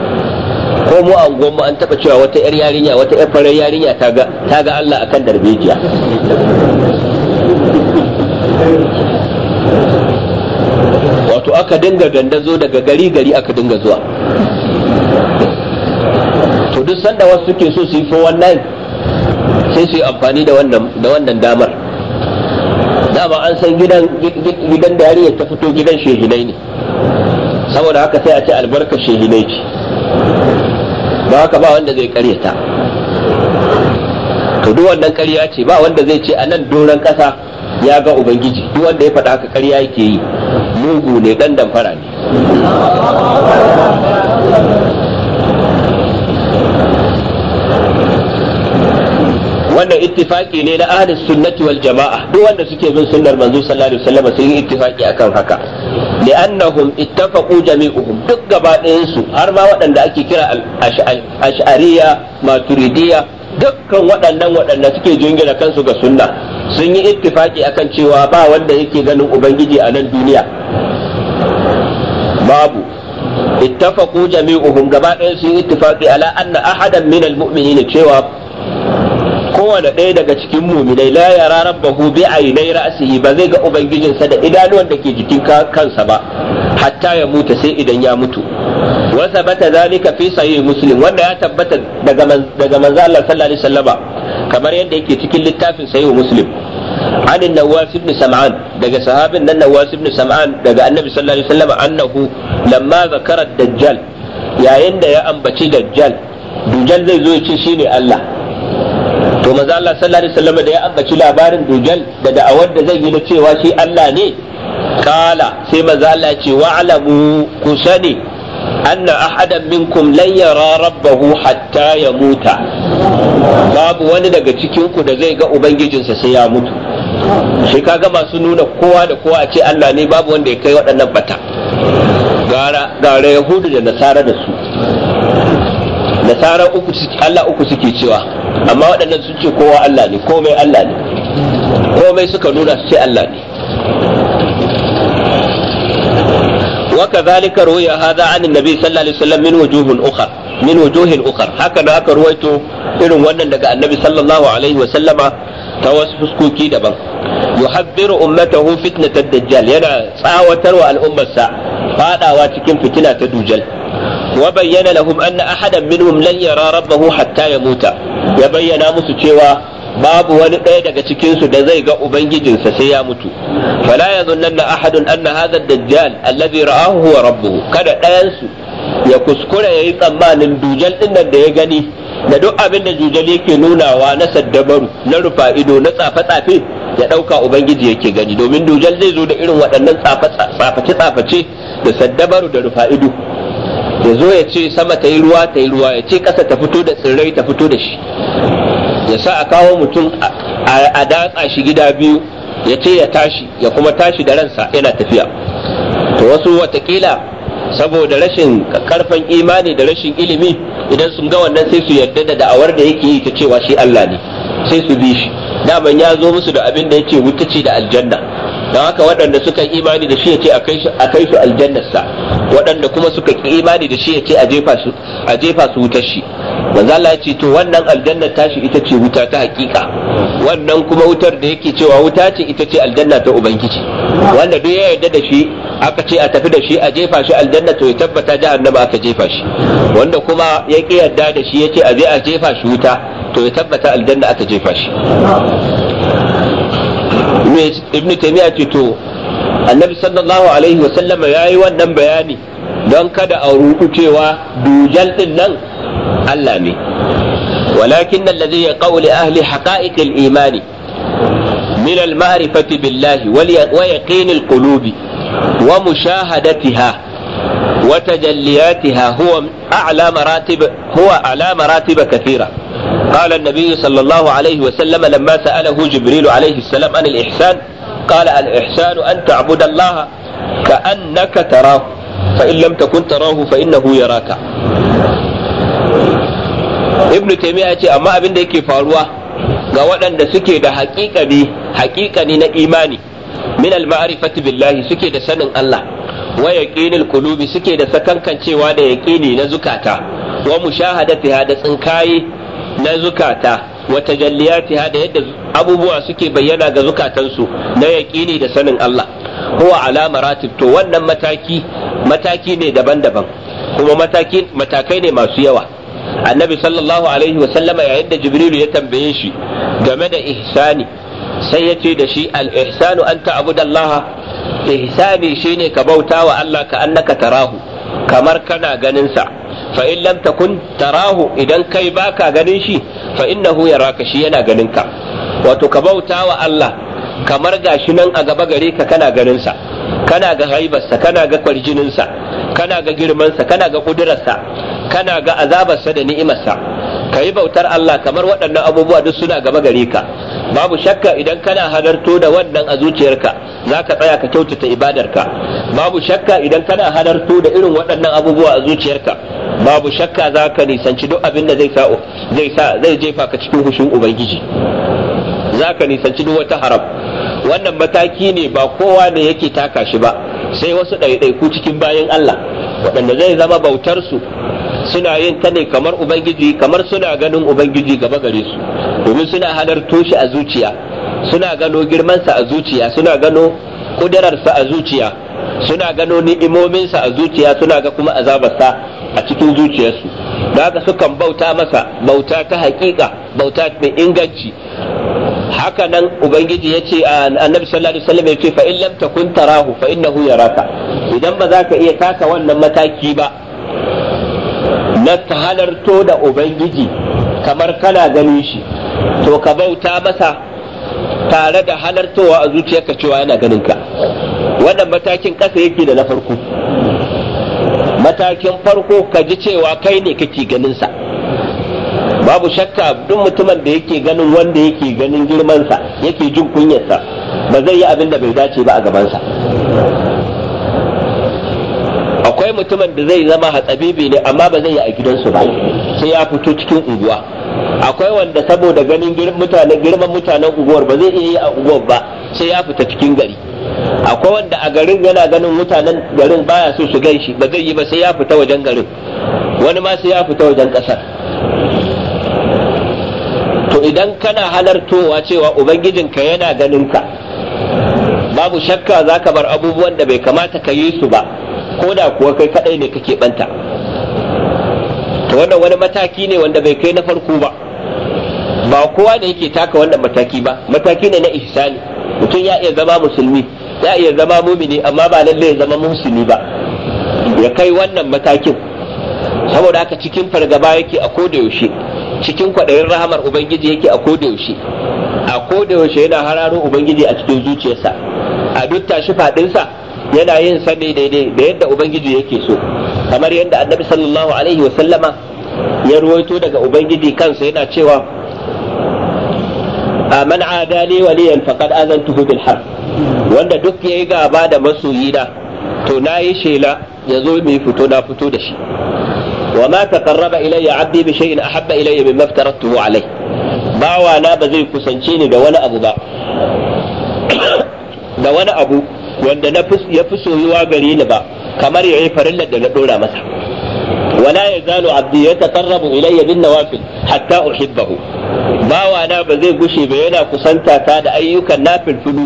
ko mu a unguwarmu an taba cewa wata 'yar yarinya wata 'yar farar yarinya ta ga Allah akan darbejiya wato aka dinga zo daga gari gari aka dinga zuwa to duk sanda wasu suke so su yi 419 sai su yi amfani da wannan damar dama an san gidan da yarinyar ta fito gidan shehinai ne saboda haka sai a ce albarka shehidai ce ba haka ba wanda zai karyata to duk wannan karya ce ba wanda zai ce a nan doron kasa ya ga ubangiji duk wanda ya faɗa haka karya yake yi mugu ne dan damfara ne wannan ittifaki ne na ahlus sunnati wal jama'a duk wanda suke bin sunnar manzo sallallahu alaihi wasallam sun yi ittifaki akan haka li'annahum ittafaqu jami'uhum duk gabaɗayansu har ma waɗanda ake kira ash'ariya maturidiya dukkan waɗannan waɗanda suke jingina kansu ga sunna sun yi ittifaki akan cewa ba wanda yake ganin ubangiji a nan duniya babu ittafaqu jami'uhum gaba ɗayan su yi ittifaqi ala anna ahadan min almu'minin cewa kowane ɗaya daga cikin muminai la yara rabbahu bi yi ra'sihi ba zai ga ubangijinsa da idanuwan da ke jikin kansa ba hatta ya mutu sai idan ya mutu wa sabata zalika fi sahih muslim wanda ya tabbata daga Manzalar manzo Allah kamar yadda yake cikin littafin sahih muslim عن النواس sahabin سمعان دقى صحاب Ibn Sam'an, daga Annabi النبي صلى الله عليه وسلم أنه dajjal yayin da ya ambaci dajjal dajjal zai zo زي shi ne Allah. to maza Allah sallallahu alaihi wasallam da ya ambaci labarin dujal da da'awar da zai yi na cewa shi Allah ne kala sai manzo Allah ya ce alamu ku sani anna ahadan minkum lan yara rabbahu hatta ya babu wani daga cikin ku da zai ga ubangijinsa sai ya mutu shi kaga masu nuna kowa da kowa a ce Allah ne babu wanda ya kai waɗannan bata gara yahudu da nasara da su da taran uku Allah uku cewa amma waɗannan sun ce kowa Allah ne komai Allah ne nuna su ce Allah ne waka zalika ruwaya hadha an annabi sallallahu alaihi wasallam min min wujuhin ukhra haka da aka ruwaito irin wannan daga annabi sallallahu alaihi wasallama ta wasu fuskoki daban yuhabbiru ummatahu ta dajjal yana tsawatarwa al'ummarsa fadawa cikin fitina ta dujal. Kuwa bayyana lahum anna ahadan minhum lan yara rabbahu hatta yamuta ya bayyana musu cewa babu wani ɗaya daga cikinsu da zai ga ubangijinsa sai ya mutu fala yadhunna ahadun anna hadha ad-dajjal alladhi ra'ahu huwa rabbuhu kada ɗayansu ya kuskura yayi tsammanin dujal din da ya gani da duk abin da dujal yake nunawa na saddabaru na rufa na tsafe-tsafe ya ɗauka ubangiji yake gani domin dujal zai zo da irin waɗannan tsaface-tsaface da saddabaru da rufa ido ya zo ya ce sama ta yi ruwa ta yi ruwa ya ce ƙasa ta fito da tsirrai ta fito da shi ya sa a kawo mutum a datsa shi gida biyu ya ce ya tashi ya kuma tashi da ransa yana tafiya to wasu watakila saboda rashin karfan imani da rashin ilimi idan sun ga wannan sai su yarda da da'awar da yake yi ta cewa shi Allah ne sai su bi shi daman ya zo musu da abin da yake wuta ce da aljanna don haka waɗanda suka imani da shi ya ce a kai su aljannarsa waɗanda kuma suka ki imani da shi ya ce a jefa su wutar shi manzo Allah ya ce to wannan aljanna tashi ita ce wuta ta hakika wannan kuma wutar da yake cewa wuta ce ita ce aljanna ta ubangiji wanda duk ya yarda da shi aka ce a tafi da shi a jefa shi aljanna to ya tabbata jahannama aka jefa shi wanda kuma ya ki yarda da shi ya ce a je a jefa shi wuta to ya tabbata aljanna aka jefa shi ibn taymiya ce to annabi sallallahu alaihi wa sallama yayi wannan bayani don kada a rudu cewa dujal din nan Allah ne walakin alladhi yaqulu li ahli haqa'iq al-imani min ma'arifati billahi wa yaqin al-qulubi wa mushahadatiha وتجلياتها هو أعلى مراتب هو أعلى قال النبي صلى الله عليه وسلم لما سأله جبريل عليه السلام عن الإحسان قال الإحسان أن تعبد الله كأنك تراه فإن لم تكن تراه فإنه يراك ابن تيمية يقول أما أبن ديكي فاروا قوانا سكي ده حقيقة دي حقيقة نينا إيماني من المعرفة بالله سكي ده سنن الله ويقين القلوب سكي ده سكن كان شيء وانا يقيني نزكاتا ومشاهدتها ده سنكاي na zukata wata jalliyati da yadda abubuwa suke bayyana ga zukatansu na yaƙini da sanin Allah huwa ala maratib to wannan mataki mataki ne daban-daban kuma mataki matakai ne masu yawa annabi sallallahu alaihi wa sallama yayin da jibrilu ya tambaye shi game da ihsani sai ya ce da shi al-ihsanu an allaha ihsani shine ka bauta wa Allah ka annaka tarahu kamar kana ganin sa fa in lam takun tarahu idan kai baka ganin shi fa innahu yaraka shi yana ganin ka wato ka bauta wa Allah kamar gashi nan a gaba gare ka kana ganinsa, kana ga haibarsa kana ga kwarjinin sa kana ga girman kana ga ƙudurarsa, kana ga azabarsa da ni'imarsa ka yi bautar Allah kamar waɗannan abubuwa duk suna gaba gare ka babu shakka idan kana halarto da wannan a zuciyarka za ka tsaya ka kyautata ibadarka babu shakka idan kana halarto da irin waɗannan abubuwa a zuciyarka babu shakka za ka nisanci duk abin da zai sa zai jefa ka cikin hushin ubangiji za ka nisanci duk wata haram wannan mataki ne ba kowa ne yake taka shi ba sai wasu ɗaiɗaiku cikin bayan Allah waɗanda zai zama bautarsu suna yin ta ne kamar ubangiji kamar suna ganin ubangiji gaba gare su domin suna halarto shi a zuciya suna gano girmansa a zuciya suna gano kudararsa a zuciya suna gano ni'imominsa a zuciya suna ga kuma azabarsa a cikin zuciyarsu da haka sukan bauta masa bauta ta hakika bauta mai inganci haka nan ubangiji ya ce annabi sallallahu alaihi wasallam ya ce fa in lam takun tarahu fa innahu yaraka idan ba za ka iya taka wannan mataki ba na halarto da ubangiji kamar kana ganin shi to ka bauta masa tare da halartowa a zuciyarka cewa yana ganin ka wannan matakin ƙasa yake da na farko matakin farko ka ji cewa kai ne kake ganinsa. babu shakka duk mutumin da yake ganin wanda yake ganin girmansa yake jin kunyarsa ba zai yi abin da bai dace ba a gabansa akwai mutumin da zai zama hatsabibi ne amma ba zai yi a gidansu ba sai ya fito cikin unguwa akwai wanda saboda ganin girman mutanen unguwar ba zai iya yi a unguwar ba sai ya fita cikin gari akwai wanda a garin yana ganin mutanen garin baya so su gan shi ba zai yi ba sai ya fita wajen garin wani ma sai ya fita wajen kasar to idan kana halartowa cewa ubangijinka yana ganin ka babu shakka za ka bar abubuwan da bai kamata ka yi su ba ko da kuwa kai kadai ne kake banta to wannan wani mataki ne wanda bai kai na farko ba ba kowa da yake taka wannan mataki ba mataki ne na ihsani mutum ya iya zama musulmi ya iya zama mumini amma ba lalle ya zama musulmi ba ya kai wannan matakin saboda haka cikin fargaba yake a koda yaushe cikin kwaɗayin rahamar ubangiji yake a koda yaushe a koda yaushe yana hararo ubangiji a cikin zuciyarsa a duk tashi fadinsa? yana yin sa daidai da yadda ubangiji yake so kamar yadda annabi sallallahu alaihi wasallama ya ruwaito daga ubangiji kansa yana cewa man adali waliyan faqad azantuhu bil har wanda duk yayi gaba da masoyina to nayi shela yazo mai fito na fito da shi wa ma taqarraba ilayya abdi bi shay'in ahabba ilayya mimma aftaratuhu alayhi bawa na ba zai kusance ni da wani abu ba da wani abu wanda na ya fi soyuwa gare ni ba kamar yayi farillar da na dora masa wala ya yazalu abdi ya yataqarrabu ilayya bin nawafil hatta uhibbahu bawa na ba zai gushe ba yana kusanta ta da ayyukan nafil nafilfilu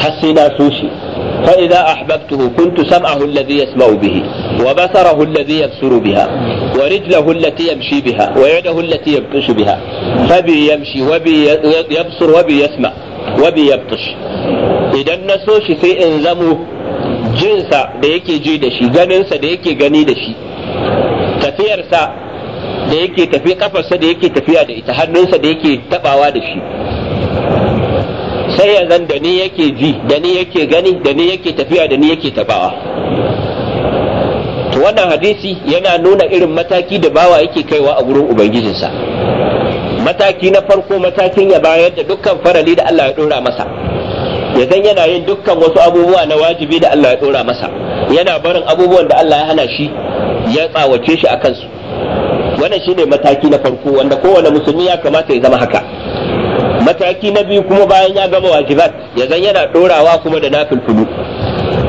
har sai na so shi fa ahbabtuhu kuntu sam'ahu alladhi yasma'u bihi wa basarahu alladhi yabsuru biha wa rijlahu allati yamshi biha wa yadahu allati yabtashu biha fa bi yamshi wa bi yabsuru wa bi yasma'u wa yabtush idan na so shi sai in zamo jinsa da yake ji da shi ganinsa da yake gani da shi tafiyarsa da yake tafi kafarsa da yake tafiya da ita hannunsa da yake tabawa da shi sai ya zan da ni yake ji da ni yake gani da ni yake tafiya da ni yake tabawa to wannan hadisi yana nuna irin mataki da bawa yake kaiwa a gurin ubangijinsa mataki na farko matakin ya bayar da dukkan farali da Allah ya dora masa ya zan yana yin dukkan wasu abubuwa na wajibi da Allah ya dora masa yana barin abubuwan da Allah ya hana shi ya tsawace shi a kansu wannan shine mataki na farko wanda kowane musulmi ya kamata ya zama haka mataki na biyu kuma bayan ya gama wajibat ya zan yana dorawa kuma da nafilfulu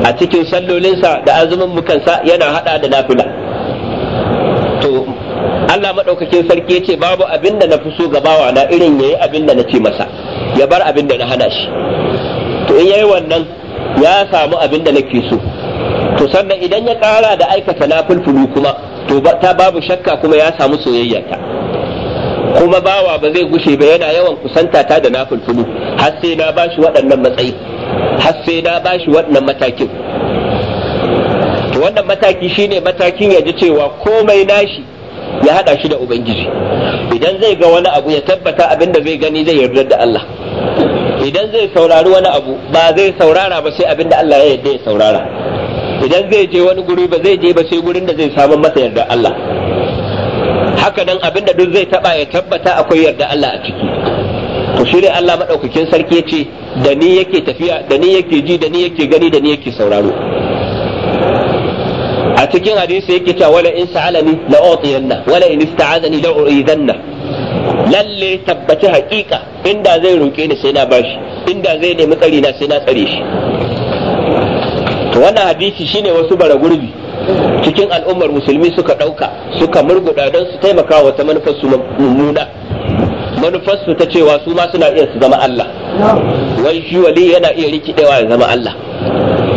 a cikin sallolinsa da azumin mukansa yana hada da nafila Allah maɗaukakin sarki ya ce babu abin da na fi so gabawa na irin yayi abin da na ce masa ya bar abin da na hana shi to in yayi wannan ya samu abin da nake so to sannan idan ya kara da aikata na fulfulu kuma to ta babu shakka kuma ya samu soyayya ta kuma bawa ba zai gushe ba yana yawan kusanta ta da na fulfulu har sai na bashi waɗannan matsayi har sai na bashi waɗannan matakin to wannan mataki shine matakin ya ji cewa komai nashi ya haɗa shi da ubangiji idan zai ga wani abu ya tabbata abin da zai gani zai yarda da Allah idan zai saurari wani abu ba zai saurara ba sai abin da Allah ya yarda ya saurara idan zai je wani guri ba zai je ba sai gurin da zai samu masa yarda Allah haka nan abin da duk zai taba ya tabbata akwai yarda Allah a ciki to shi ne Allah madaukakin sarki ya ce da ni yake tafiya da ni yake ji da ni yake gani da ni yake sauraro a cikin hadisi yake cewa wala in sa'alani la utiyanna wala in ista'azani la uridanna lalle tabbaci haqiqa inda zai roke ni sai na bashi inda zai nemi tsari na sai na tsare shi to wannan hadisi shine wasu bara gurbi cikin al'ummar musulmi suka ɗauka suka murguda don su taimaka wata manufar su mummuna manufar su ta cewa su ma suna iya su zama Allah wai shi wali yana iya rikidewa ya zama Allah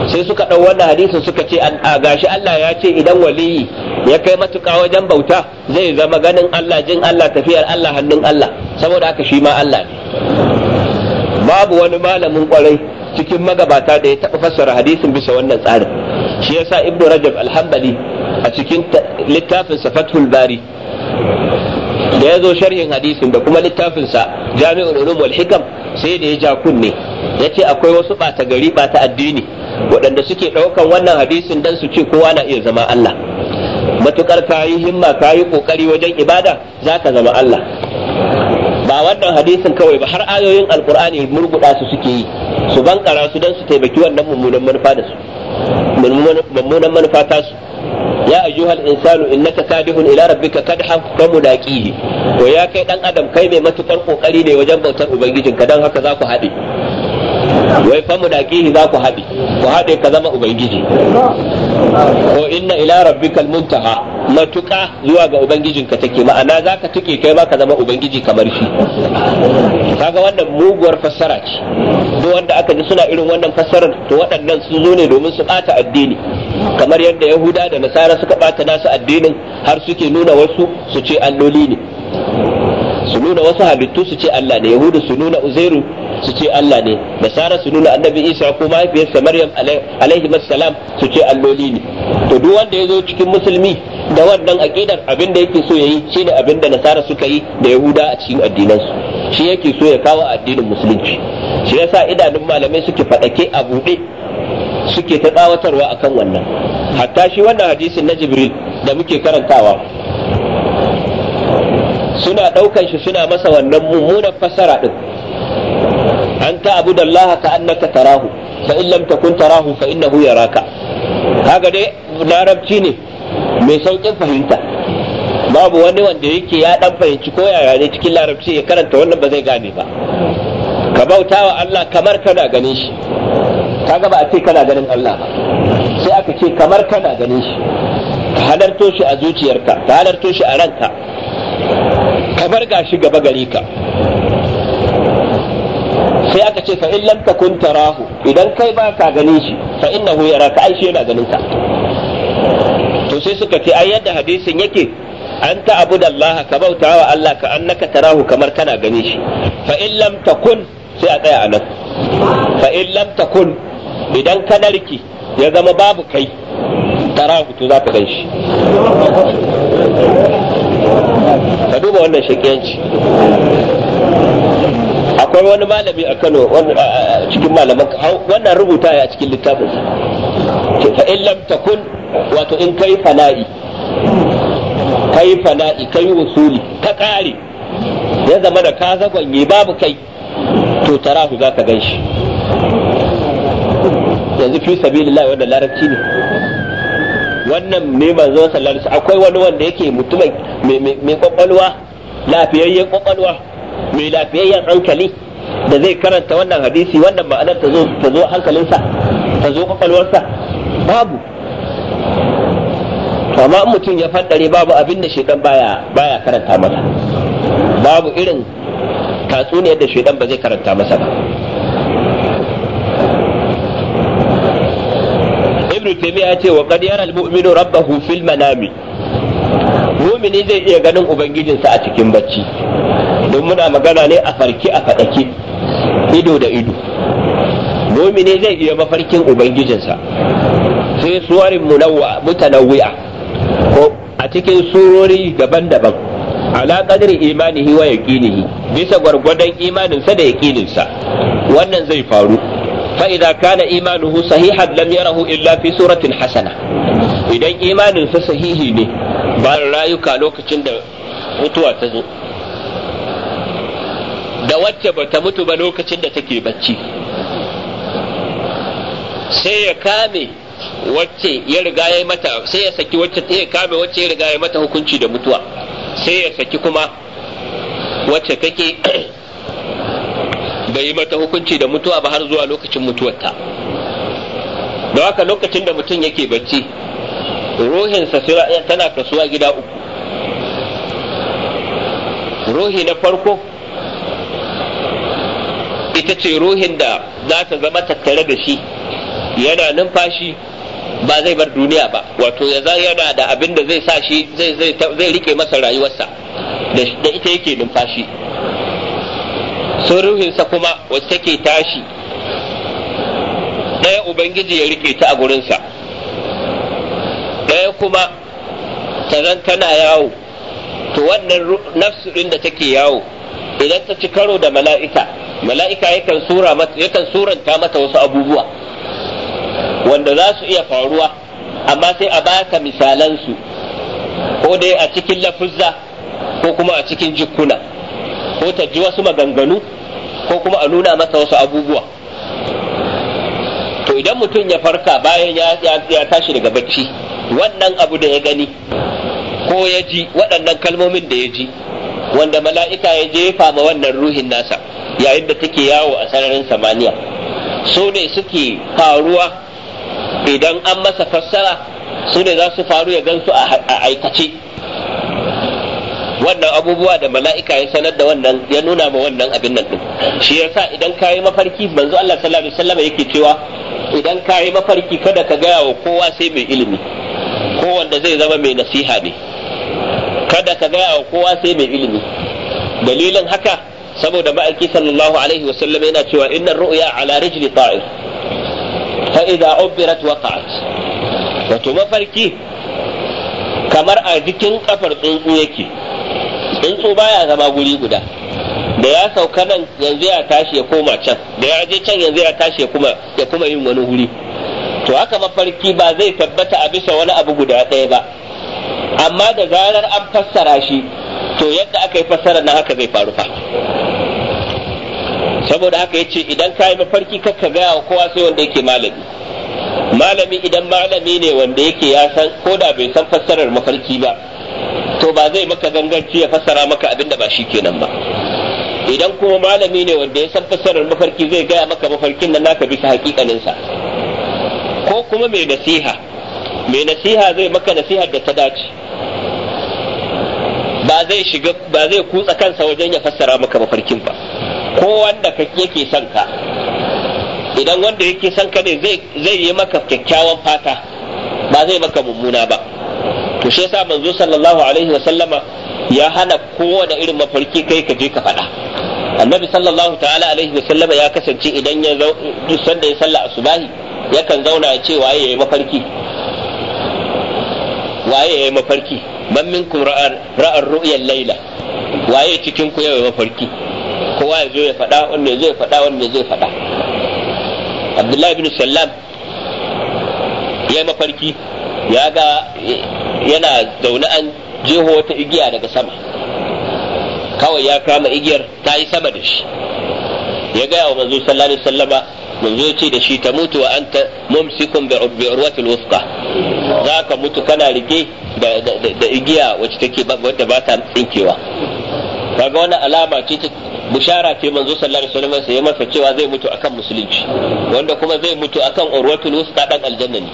sai suka ɗau wannan hadisin suka ce a gashi Allah ya ce idan waliyi ya kai matuƙa wajen bauta zai zama ganin Allah jin Allah tafiyar Allah hannun Allah saboda haka shi ma Allah ne babu wani malamin kwarai cikin magabata da ya taɓa fassara hadisin bisa wannan tsarin shi yasa ibnu rajab alhambali a cikin littafin fathul bari da ya zo sharhin hadisin da kuma littafinsa jami'ul ulum wal hikam sai da ya ja kunne ya ce akwai wasu ɓata gari ta addini waɗanda suke ɗaukan wannan hadisin dan su ce kowa na iya zama Allah matukar ka yi himma ka yi ƙoƙari wajen ibada za ka zama Allah ba wannan hadisin kawai ba har ayoyin alkur'ani murguɗa su suke yi su bankara su don su taimaki wannan mummunan manufa da su mummunan manufa ta su ya ayyuhal insanu innaka kadihun ila rabbika kadhan fa mulaqihi to ya kai dan adam kai mai matukar kokari ne wajen bautar ubangijinka dan haka za ku haɗe wai fa mu za ku haɗe ku haɗe ka zama ubangiji ko inna ila rabbikal muntaha matuƙa zuwa ga ubangijinka take ma'ana za ka tuke kai ma ka zama ubangiji kamar shi kaga wannan muguwar fassara ce duk wanda aka ji suna irin wannan fassarar to waɗannan sun zo ne domin su ɓata addini kamar yadda yahuda da nasara suka ɓata nasu addinin har suke nuna wasu su ce alloli ne su nuna wasu halittu su ce Allah ne yahudu su nuna uzairu su ce Allah ne nasara su nuna annabi isa ko mahaifiyarsa maryam alaihi salam su ce alloli ne to duk wanda ya zo cikin musulmi da wannan aqidar abin da yake so yayi shine abin da nasara suka yi da yahuda a cikin addinansu shi yake so ya kawo addinin musulunci shi yasa idanun malamai suke fadake a buɗe suke ta tsawatarwa akan wannan hatta shi wannan hadisin na jibril da muke karantawa suna ɗaukan shi suna masa wannan mummunan fasara ɗin an ta abu da ka annaka tarahu fa in lam takun tarahu fa innahu yaraka kaga dai larabci ne mai sauƙin fahimta babu wani wanda yake ya dan fahimci ko yaya ne cikin larabci ya karanta wannan ba zai gane ba ka bauta wa Allah kamar kana ganin shi kaga ba a ce kana ganin Allah ba sai aka ce kamar kana ganin shi ka halarto shi a zuciyarka ka halarto shi a ranka kamar gashi gaba gare ka sai aka ce fa in lam takun tarahu idan kai ba ka ganin shi fa innahu yaraka ai shi yana ganin ka to sai suka ce ai yadda hadisin yake an ta'budu Allah ka bauta wa Allah ka annaka tarahu kamar kana ganin shi fa in lam takun sai a tsaya anan fa in lam takun idan ka narki ya zama babu kai tarahu to za ka gan shi ka duba wannan shakiyanci akwai wani malami a Kano cikin malaman wannan rubuta a cikin littafin fa in lam kun wato in kai fana'i kai fana'i kai wasuli ta kare ya zama da ka zagonye babu kai to tarahu za ka gan shi yanzu fi sabilillah wanda larabci ne wannan ne zo sallallahu akwai wani wanda yake mutumai, mai kwakwalwa lafiyayyen kwakwalwa mai lafiyayyen hankali da zai karanta wannan hadisi wannan ma'anar ta zo ta zo hankalinsa ta zo kwakwalwarsa babu amma in mutum ya faddare babu abin da shekan baya baya karanta masa babu irin tatsuniyar da shekan ba zai karanta masa ba ibn taymiya ya ce wa qad yara al-mu'minu rabbahu fil manami mumini zai iya ganin ubangijinsa a cikin bacci don muna magana ne a farki a faɗaki ido da ido mumini zai iya mafarkin ubangijinsa sai suwarin munawwa mutanawwi'a ko a cikin surori daban-daban ala qadri imanihi wa yaqinihi bisa gwargwadon imaninsa da yaqininsa wannan zai faru fa idza kana imanuhu sahihan lam yarahu illa fi suratin hasana idan imanin sa sahihi ne ba rayuka lokacin da mutuwa ta zo da wacce ba ta mutu ba lokacin da take bacci sai ya kame wacce ya riga ya mata sai ya saki wacce ta ya kame wacce ya riga ya mata hukunci da mutuwa sai ya saki kuma wacce take bai yi mata hukunci da mutuwa ba har zuwa lokacin mutuwarta da haka lokacin da mutum yake barci ruhinsa tana kasuwa gida uku ruhi na farko ita ce ruhin da za ta zama tattare da shi yana numfashi ba zai bar duniya ba wato ya za yana da abin da zai sa shi zai rike masa rayuwarsa da ita yake numfashi sun ruhinsa kuma wacce take tashi ɗaya ubangiji ya rike ta a gurinsa ɗaya kuma ta zan tana yawo to wannan nafsu ɗin da take yawo idan ta ci karo da mala'ika mala'ika yakan suranta mata wasu abubuwa wanda za su iya faruwa amma sai a baka misalansu ko dai a cikin lafuzza ko kuma a cikin jikuna ko ta ji wasu maganganu ko kuma a nuna masa wasu abubuwa to idan mutum ya farka bayan ya tashi daga bacci wannan abu da ya gani ko ya ji waɗannan kalmomin da ya ji wanda mala'ika ya jefa ma wannan ruhin nasa yayin da take yawo a sararin samaniya su ne suke faruwa idan an masa fassara su ne za su faru ya gansu a aikace wannan abubuwa da mala'ika ya sanar da wannan ya nuna ma wannan abin nan din shi yasa idan kayi mafarki manzo Allah sallallahu alaihi wasallam yake cewa idan kayi mafarki kada ka gaya wa kowa sai mai ilimi ko wanda zai zama mai nasiha ne kada ka gaya wa kowa sai mai ilimi dalilin haka saboda ma'aiki sallallahu alaihi wasallam yana cewa inna ru'ya ala rijli ta'ir fa idza ubirat waqa'at wato mafarki kamar a jikin kafar tsuntsu yake tsuntsu baya zama guri guda da ya sauka nan yanzu ya tashi ya koma can da ya je can yanzu ya tashi ya kuma ya kuma yin wani guri to haka mafarki ba zai tabbata a bisa wani abu guda ɗaya ba amma da zarar an fassara shi to yadda aka yi fassara nan haka zai faru fa saboda haka yace idan ka yi mafarki kakka gaya wa kowa sai wanda yake malami malami idan malami ne wanda yake ya san ko da bai san fassarar mafarki ba to ba zai maka ganganci ya fassara maka abin da ba shi kenan ba idan kuma malami ne wanda ya san fassarar mafarki zai gaya maka mafarkin nan naka bisa hakikaninsa ko kuma mai nasiha mai nasiha zai maka nasihar da ta dace ba zai shiga ba zai kutsa kansa wajen ya fassara maka mafarkin ba ko wanda yake son ka idan wanda yake san ka ne zai yi maka kyakkyawan fata ba zai maka mummuna ba to shi yasa manzo sallallahu alaihi wa sallama ya hana kowane irin mafarki kai ka je ka faɗa annabi sallallahu ta'ala alaihi wa sallama ya kasance idan ya duk sanda ya salla asubahi yakan zauna ya ce waye yayi mafarki waye yayi mafarki man minkum ra'ar ru'yal layla waye cikin ku yayi mafarki kowa ya zo ya faɗa wanda ya zo ya faɗa wanda ya zo ya faɗa abdullahi bin sallam ya yi mafarki ya ga yana zaune an jeho wata igiya daga sama kawai ya kama igiyar ta yi sama da shi ya gaya wa manzo sallallahu alaihi wasallama manzo ce da shi ta mutu wa anta mumsikun bi urwati wusqa zaka mutu kana rike da igiya wacce take wadda ba ta tsinkewa kaga wannan alama ce bushara ce manzo sallallahu alaihi wasallam sai masa cewa zai mutu akan musulunci wanda kuma zai mutu akan urwatul wusta dan aljanna ne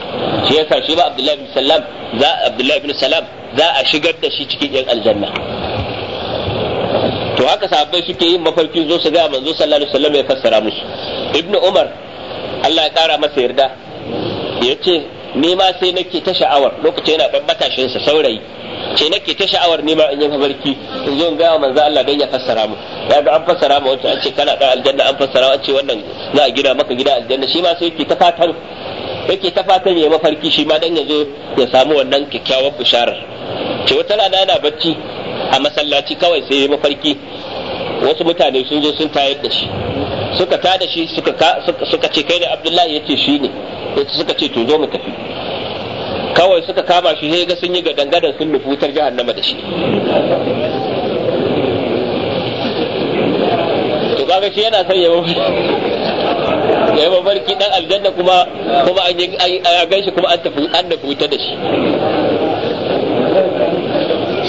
shi yasa shi ba abdullahi bin salam za abdullahi ibn sallam za a shigar da shi cikin yan aljanna to haka sahabbai suke yin mafarki zo su ga manzo sallallahu alaihi wasallam ya fassara musu ibnu umar Allah ya kara masa yarda yace ni ma sai nake ta sha'awar lokacin yana dan matashin sa saurayi ce nake ta sha'awar nema in yi mafarki in zo in gaya wa manzo Allah dan ya fassara mu ya ga an fassara mu wata an ce kana da aljanna an fassara an ce wannan za a gida maka gida aljanna shi ma sai yake ta fatan ta fatan ya mafarki shi ma dan ya zo ya samu wannan kyakkyawar bisharar ce wata rana yana bacci a masallaci kawai sai ya mafarki wasu mutane sun zo sun tayar da shi suka tada shi suka ce kai ne abdullahi ya ce shi ne suka ce to zo mu tafi kawai suka kama shi sai ga sun yi gadangadan sun nufi wutar jahannama da shi to kaga shi yana son yabo da ya mafarki dan aljanna kuma kuma an yi a ganshi kuma an tafi an nufi da shi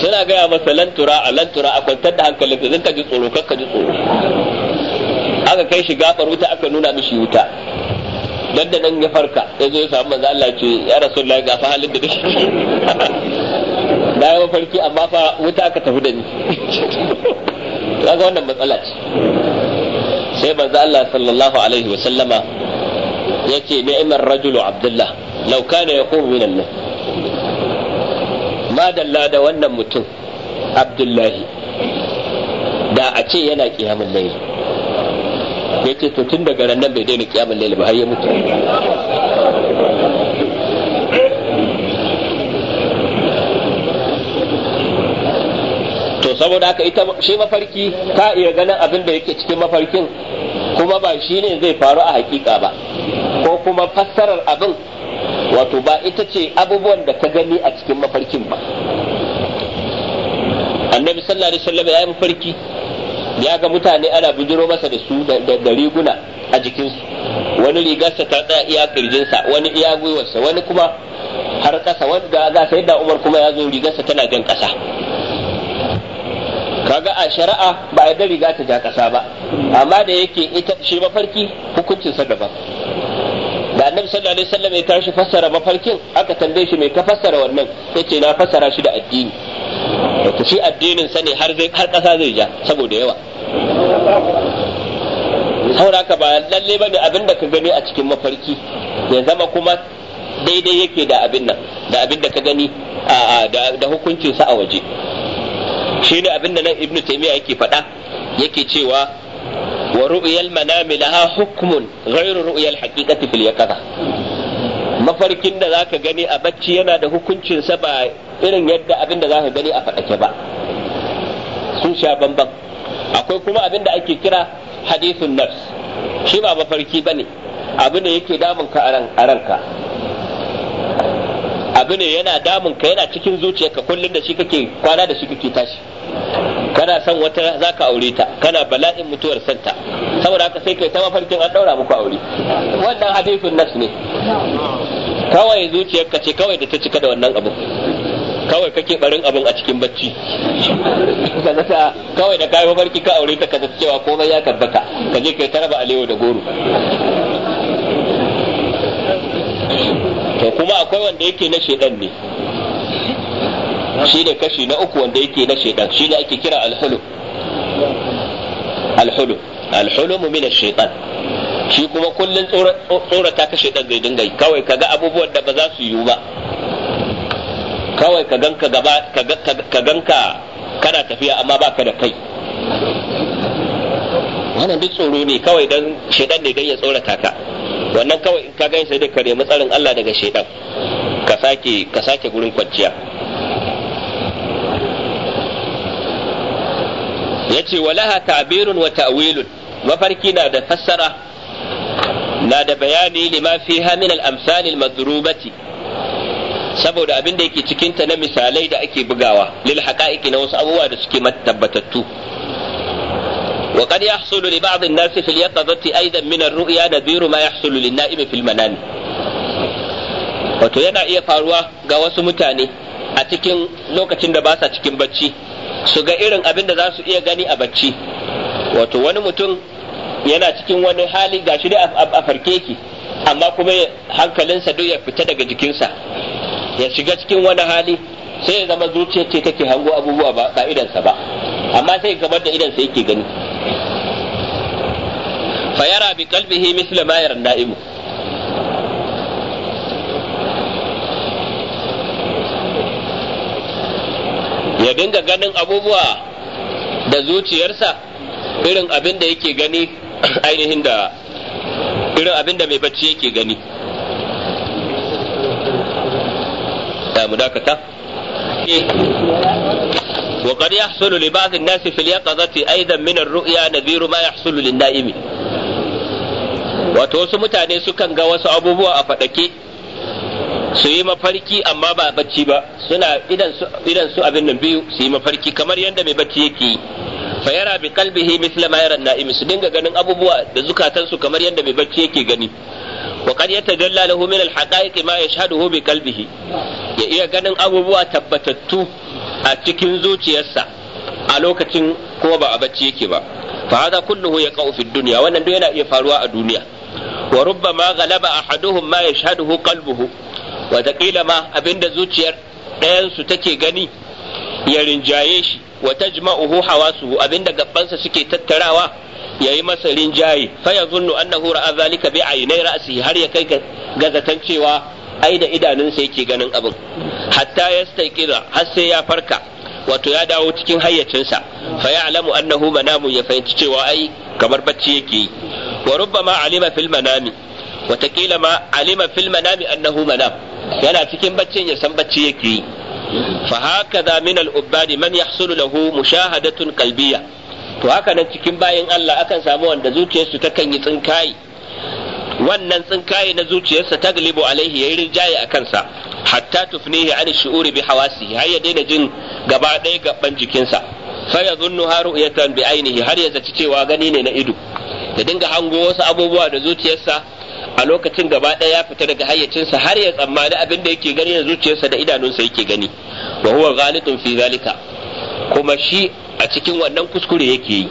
suna gaya masa lantura a lantura a kwantar da da zan ka ji tsoro kakka ji tsoro aka kai shi gabar wuta aka nuna mishi wuta dan da nan ya farka ya zo ya samu manzo Allah ce ya rasulullahi ga fa halin da nake na yi farki amma fa wuta aka tafi da ni kaga wannan matsala ce sai manzo Allah sallallahu alaihi wa sallama yace ni'mar rajul abdullah law kana yaqumu min an ma dalla da wannan mutum abdullahi da a ce yana kiyamul layl ya ce to tun daga ranar bai daina kiyamun laili ba har ya mutu to saboda haka ita shi mafarki ka iya ganin abin da yake cikin mafarkin kuma ba shi ne zai faru a hakika ba ko kuma fassarar abin wato ba ita ce abubuwan da ka gani a cikin mafarkin ba annabi sallallahu alaihi wasallam ya yi mafarki ya ga mutane ana bijiro masa da su da riguna a jikinsu wani rigarsa ta tsaya iya kirjinsa wani iya gwiwarsa wani kuma har kasa wani ga sai da umar kuma ya zo rigarsa tana jan kasa kaga a shari'a ba a da riga ta ja kasa ba amma da yake ita shi mafarki hukuncinsa daban da annabi sallallahu alaihi wasallam ya tashi fassara mafarkin aka tambaye shi mai ka fassara wannan yace na fassara shi da addini to shi addinin sa ne har har kasa zai ja saboda yawa saboda haka ba lalle ba bane abin da ka gani a cikin mafarki ya zama kuma daidai yake da abin nan da abin da ka gani da hukuncinsa a waje shi ne abin da nan ibn taimiyya yake faɗa yake cewa wa ru'yal manami laha hukumun ghairu ru'yal haqiqati fil yaqaza mafarkin da zaka gani a bacci yana da hukuncinsa ba irin yadda abin da zaka gani a faɗake ba sun sha bambam. akwai kuma abin da ake kira hadithun nafs shi ba mafarki ba ne abu ne yake damunka a ranka abu ne yana damunka yana cikin zuciyarka kullum da shi kake kwana da shi kake tashi kana son wata za ka aure ta kana bala'in mutuwar santa saboda haka sai kai ta mafarkin an daura muku aure wannan hadithun nafs ne kawai zuciyarka ce kawai da ta cika da wannan abu kawai kake barin abin a cikin bacci ka kawai da kayi mafarki ka aure ta ka zata cewa komai ya tabbata ka je kai taraba alewa da goro to kuma akwai wanda yake na shedan ne shi ne kashi na uku wanda yake na shedan shi ne ake kira alhulu alhulu alhulu mu min shaytan shi kuma kullun tsorata ka shedan zai dinga kawai kaga abubuwan da ba za su yiwu ba kawai ka ganka gaba ka ganka kana tafiya amma baka da kai wannan duk tsoro ne kawai dan shedan ne dan ya tsorata ka wannan kawai in ka gani sai da ka nemi tsarin Allah daga shedan ka sake ka sake gurin kwanciya yace walaha ta'birun wa ta'wilun mafarki na da fassara na da bayani lima fiha min al-amsal al-madrubati saboda abin da yake cikin ta na misalai da ake bugawa lil haqa'iqi na wasu abubuwa da suke matabbatattu wa qad yahsulu li ba'd an-nas al yaqadati aidan min ar-ru'ya nadhiru ma yahsulu lin-na'imi fil manami wato yana iya faruwa ga wasu mutane a cikin lokacin da ba sa cikin bacci su ga irin abin da za su iya gani a bacci wato wani mutum yana cikin wani hali gashi dai a farke ki amma kuma hankalinsa duk ya fita daga jikinsa ya shiga cikin wani hali sai ya zama zuciya ce take hango abubuwa ba ba idansa ba amma sai gabar da idansa yake gani Fa yara bi qalbihi misla ma yara na'imu ya dinga ganin abubuwa da zuciyarsa irin abin da yake gani ainihin da irin abin da mai bacci yake gani Eh, mu dakata وقد na لبعض الناس في اليقظة أيضا من الرؤيا نذير ما يحصل للنائم wato wasu mutane sukan ga wasu abubuwa a faɗake su yi mafarki amma ba bacci ba suna idan su abin nan biyu su yi mafarki kamar yadda mai bacci yake yi fa yara bi qalbihi mithla ma yara na'im su dinga ganin abubuwa da zukatansu kamar yadda mai bacci yake gani wa qad yatadalla lahu min al-haqa'iq ma yashhaduhu bi qalbihi ya iya ganin abubuwa tabbatattu a cikin zuciyarsa a lokacin ko ba a bacci yake ba fa hada kulluhu yaqa'u fi dunya wannan duk yana iya faruwa a duniya wa rubbama galaba ahaduhum ma yashhaduhu qalbuhu wa taqila ma abinda zuciyar ɗayan su take gani ya rinjaye shi wa tajma'uhu hawasuhu abinda gabansa suke tattarawa yayi masa rinjaye fa yazunnu annahu ra'a zalika bi aynai ra'si har ya kai ga gazatan cewa ai da idanunsa yake ganin abin hatta yastaqira har sai ya farka wato ya dawo cikin hayyacinsa fa ya'lamu annahu manamu ya fahimci cewa ai kamar bacci yake yi wa rubbama alima fil manami watakila ma alima fil manami annahu manam yana cikin baccin ya san bacci yake yi fa hakaza min al ubadi man yahsulu lahu mushahadatun qalbiyya to haka nan cikin bayin Allah akan samu wanda zuciyarsu takan yi tsinkayi wannan tsinkaye na zuciyarsa ta galibu alaihi ya yi rinjaye a kansa hatta tufnihi an shi'uri bi hawasi har ya daina jin gaba ɗaya gaban jikinsa fa ya zunnu har ru'yatan bi ainihi har ya zaci cewa gani ne na ido da dinga hango wasu abubuwa da zuciyarsa a lokacin gaba ɗaya ya fita daga hayyacinsa har ya tsammani abin da yake gani na zuciyarsa da idanunsa yake gani wa huwa ghalitun fi zalika kuma shi a cikin wannan kuskure yake yi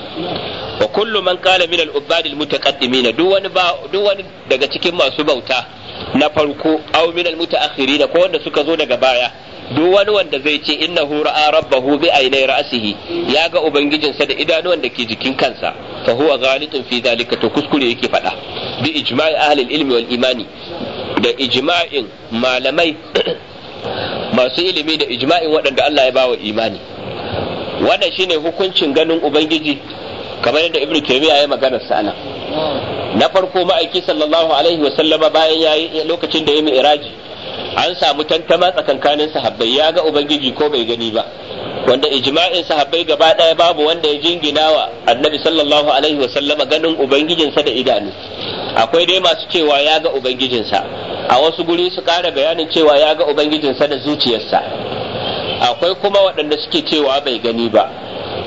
wa kullu man qala min al-ubbad al-mutaqaddimin duk wani ba duk wani daga cikin masu bauta na farko aw min al-mutaakhirin ko wanda suka zo daga baya duk wani wanda zai ce innahu ra'a rabbahu bi aynai ra'sihi ya ga ubangijinsa da idanuwan da ke jikin kansa fa huwa ghalitun fi zalika to kuskure yake faɗa bi ijma'i ahli al-ilmi wal imani da ijma'in malamai masu ilimi da ijma'in waɗanda Allah ya bawa imani wannan shine hukuncin ganin ubangiji kamar yadda ibnu taymiya ya magana sa na farko ma'aiki sallallahu alaihi wa sallama bayan yayi lokacin da ya mi iraji an samu tantama tsakankanin sahabbai ya ga ubangiji ko bai gani ba wanda ijma'in sahabbai gaba ɗaya babu wanda ya jingina wa annabi sallallahu alaihi wa sallama, ganin ubangijinsa da idanu akwai dai masu cewa ya ga ubangijinsa a wasu guri su kara bayanin cewa ya ga ubangijinsa da zuciyarsa akwai kuma waɗanda suke cewa bai gani ba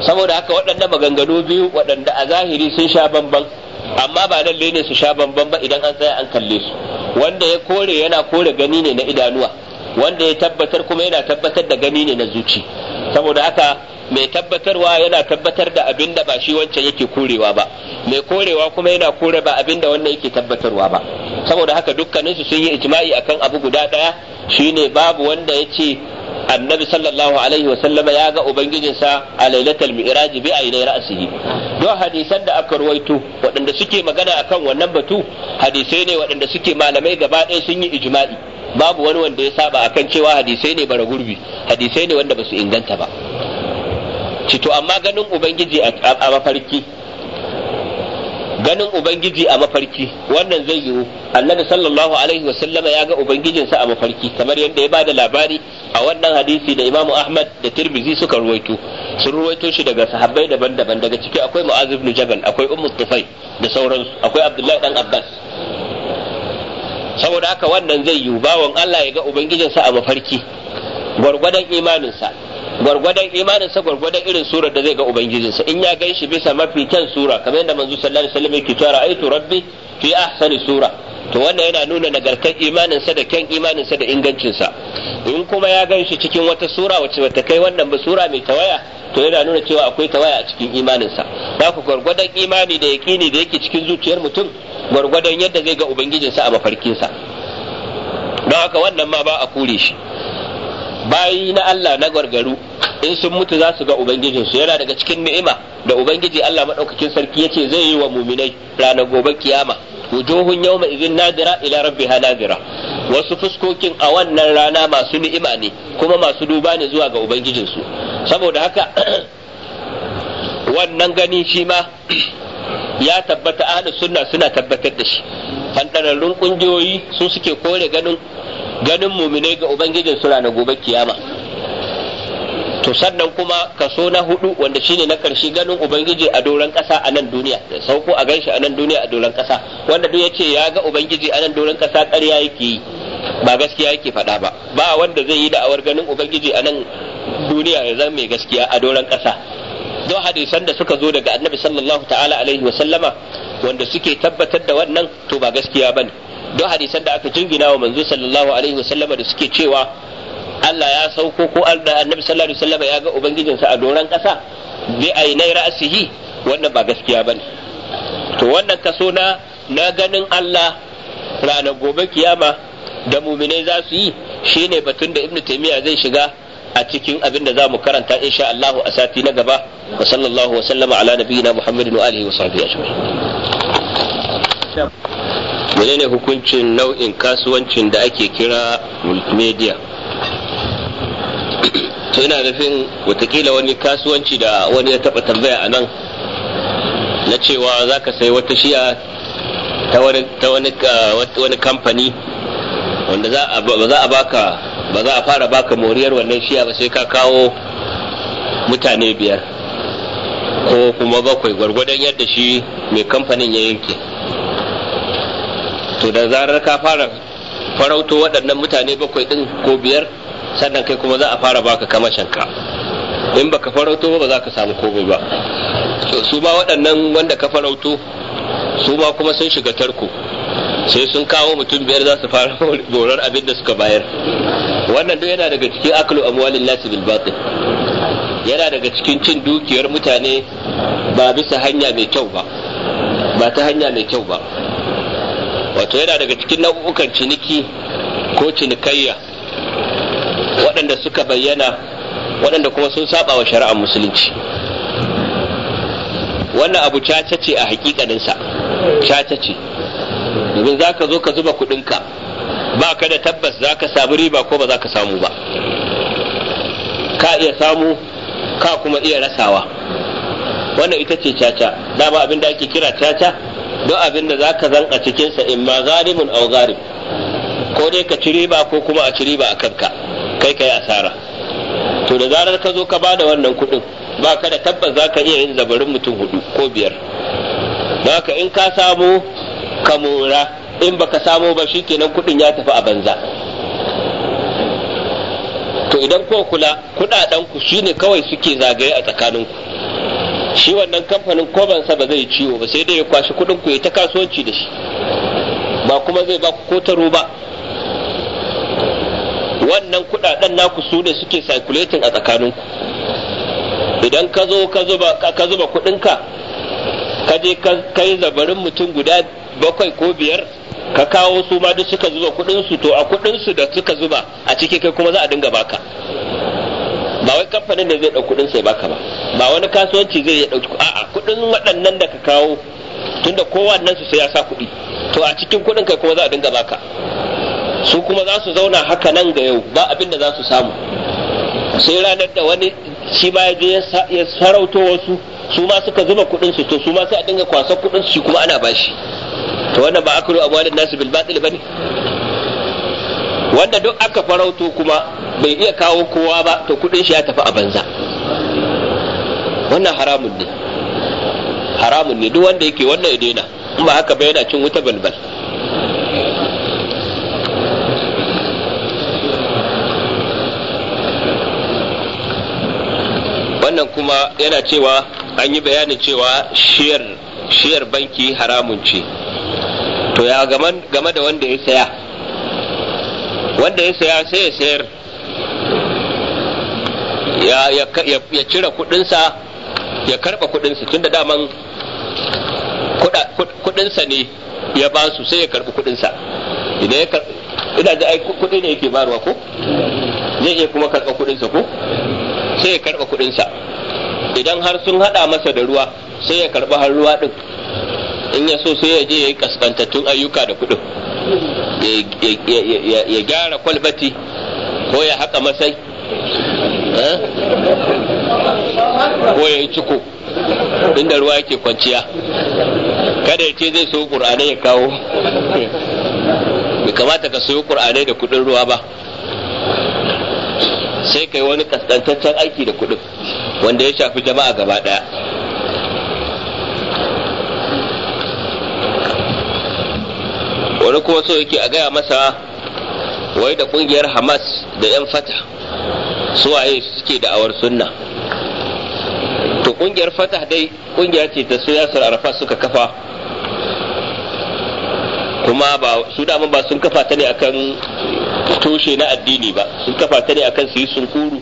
saboda haka waɗanda maganganu biyu waɗanda a zahiri sun sha bamban amma ba lalle ne su sha bamban ba idan an tsaya an kalle su wanda ya kore yana kore gani ne na idanuwa wanda ya tabbatar kuma yana tabbatar da gani ne na zuci saboda haka mai tabbatarwa yana tabbatar da abin da ba shi wancan yake korewa ba mai korewa kuma yana kore ba abin da wannan yake tabbatarwa ba saboda haka dukkaninsu sun yi ijma'i akan abu guda ɗaya shine babu wanda ya ce annabi sallallahu alaihi wa sallama ya ga ubangijinsa a lailatul mi'raj bi ainai ra'sihi don hadisan da aka ruwaito waɗanda suke magana akan wannan batu hadisai ne waɗanda suke malamai gaba ɗaya sun yi ijma'i babu wani wanda ya saba akan cewa hadisai ne bara gurbi hadisai ne wanda basu inganta ba cito amma ganin ubangiji a mafarki ganin ubangiji a mafarki wannan zai yiwu annabi sallallahu alaihi wa sallama ya ga ubangijinsa a mafarki kamar yadda ya bada labari a wannan hadisi da imamu ahmad da tirmizi suka ruwaito sun ruwaito shi daga sahabbai daban-daban daga ciki akwai mu'az ibn jabal akwai ummu tufai da sauransu akwai abdullahi dan abbas saboda haka wannan zai yiwu bawon allah ya ga ubangijinsa a mafarki gwargwadon imaninsa gwargwadon imaninsa gwargwadon irin surar da zai ga ubangijin sa in ya gan shi bisa mafi kyan sura kamar yadda manzo sallallahu alaihi wasallam yake cewa aitu rabbi fi ahsani sura to wannan yana nuna nagartar imaninsa da kyan imaninsa da ingancinsa in kuma ya gan shi cikin wata sura wacce bata kai wannan ba sura mai tawaya to yana nuna cewa akwai tawaya a cikin imaninsa da ku gwargwadon imani da yaqini da yake cikin zuciyar mutum gwargwadon yadda zai ga ubangijinsa a mafarkinsa don haka wannan ma ba a kure shi bayi na Allah na gargaru in sun mutu za su ga ubangijinsu yana daga cikin ni'ima da ubangiji Allah madaukakin sarki ya ce zai yi wa muminai ranar gobe kiyama wujuhun yawma idhin nadira ila rabbiha nadira wasu fuskokin a wannan rana masu ni'ima ne kuma masu duba ne zuwa ga ubangijinsu saboda haka wannan gani shi ma ya tabbata ahlus sunna suna tabbatar da shi fandararrun kungiyoyi su suke kore ganin ganin muminai ga ubangijin su na gobe kiyama to sannan kuma kaso na hudu wanda shine na karshe ganin ubangiji a doron kasa a nan duniya da sauko a ganshi a nan duniya a doron kasa wanda duk yace ya ga ubangiji a nan doron kasa ƙarya yake yi ba gaskiya yake faɗa ba ba wanda zai yi da'awar ganin ubangiji a nan duniya ya zama mai gaskiya a doron kasa don hadisan da suka zo daga annabi sallallahu ta'ala alaihi wa sallama wanda suke tabbatar da wannan to ba gaskiya bane don hadisan da aka jingina wa manzo sallallahu alaihi sallama da suke cewa Allah ya sauko ko annabi sallallahu alaihi sallama ya ga ubangijinsa a doran kasa bi ainai ra'sihi wannan ba gaskiya bane to wannan kaso na na ganin Allah ranar gobe kiyama da muminai za su yi shine batun da ibnu taymiya zai shiga a cikin abin da za mu karanta insha Allah a sati na gaba wa sallallahu wa sallama ala nabiyina Muhammadin wa alihi wa sahbihi ajma'in menene hukuncin nau'in kasuwancin da ake kira multimedia to ina nufin watakila wani kasuwanci da wani ya taba tambaya a nan na cewa za ka sai wata shiya ta wani ah, kamfani wanda ba za a baka ba za a fara baka moriyar wannan shiya ba sai ka kawo mutane biyar ko kuma bakwai gwargwadon yadda shi mai kamfanin ya yanke to da zarar ka fara farauto waɗannan mutane bakwai ɗin ko biyar sannan kai kuma za a fara baka kamashin ka in baka farauto ba za ka samu komai ba su ba waɗannan wanda ka farauto su ba kuma sun shiga tarko sai sun kawo mutum biyar za su fara gorar abin da suka bayar wannan duk yana daga cikin aklu amwalin lati bil batil yana daga cikin cin dukiyar mutane ba bisa hanya mai kyau ba ba ta hanya mai kyau ba wato yana daga cikin nau'ukan ciniki ko cinikayya waɗanda suka bayyana waɗanda kuma sun saba wa shari'ar musulunci wannan abu caca ce a hakikaninsa caca ce domin za ka zo ka zuba kuɗinka ba ka da tabbas za ka samu riba ko ba za ka samu ba ka iya samu ka kuma iya rasawa wannan ita ce caca dama abin da ake kira caca don abin da ka zan a cikinsa in ma zalimin au zalim ko dai ka ci riba ko kuma a ci riba a kanka kai kai asara to da zarar ka zo ka bada wannan kuɗin ba ka da tabbas ka iya yin zabarin mutum hudu ko biyar baka in ka samu ka mora in baka samu ba shi kenan kuɗin ya tafi a banza to idan ko kula kuɗaɗen ku shine kawai suke zagaye a tsakaninku shi wannan kamfanin kobansa ba zai ciwo ba sai dai ya kwashi kudin ku ya ta kasuwanci da shi ba kuma zai ba ku kotaro ba wannan kudaden naku su ne suke circulating a tsakanin ku idan ka zo ka zuba kudin ka ka je ka yi zabarin mutum guda bakwai ko biyar ka kawo su ma duk suka zuba kudin su to a kudin su da suka zuba a ciki kai kuma za a dinga baka ba wai kamfanin da zai ɗauki kuɗin sai baka ba ba wani kasuwanci zai ya ɗauki a'a kuɗin waɗannan da ka kawo tunda kowa nan su sai ya sa kuɗi to a cikin kuɗin kai kuma za a dinga baka su kuma za su zauna haka nan ga yau ba abin da za su samu sai ranar da wani shi ba ya je ya sarauto wasu su ma suka zuba kuɗin su to su ma sai a dinga kwasa kuɗin su kuma ana bashi to wannan ba akalu amwalin nasu bil batil ne. wanda duk aka farauto kuma bai iya kawo kowa ba to kudin shi ya tafi a banza wannan haramun ne haramun ne duk wanda yake wannan ya daina in ba haka ba yana cin wuta balbal wannan kuma yana cewa an yi bayanin cewa shiyar shiyar banki haramun ce to ya game da wanda ya saya wanda ya saya sai ya sayar ya cire kudinsa ya karba kudinsa tunda daman kudinsa ne ya ba su sai ya karbi kudinsa idan ya idan ina da kudi ne yake baruwa ko zai iya kuma karba kudinsa ko sai ya karba kudinsa idan har sun hada masa da ruwa sai ya karba har ruwa din in ya so sai ya je ya yi kaskantattun ayyuka da kudin ya gyara kwalbati ko ya haka masai ko ya yi ciko inda ruwa yake kwanciya kada ya ce zai so ƙur'anai ya kawo bai kamata ka soyi ƙur'anai da kuɗin ruwa ba sai ka yi wani kaskantaccen aiki da kuɗi wanda ya shafi jama'a gaba ɗaya wani kuma so yake a gaya masa wai da kungiyar hamas da 'yan fata suwaye suke awar sunna to kungiyar fata dai kungiya ce ta su arafat suka kafa kuma ba su daman ba sun kafa ta ne akan toshe na addini ba sun kafa ta ne akan su yi sunkuru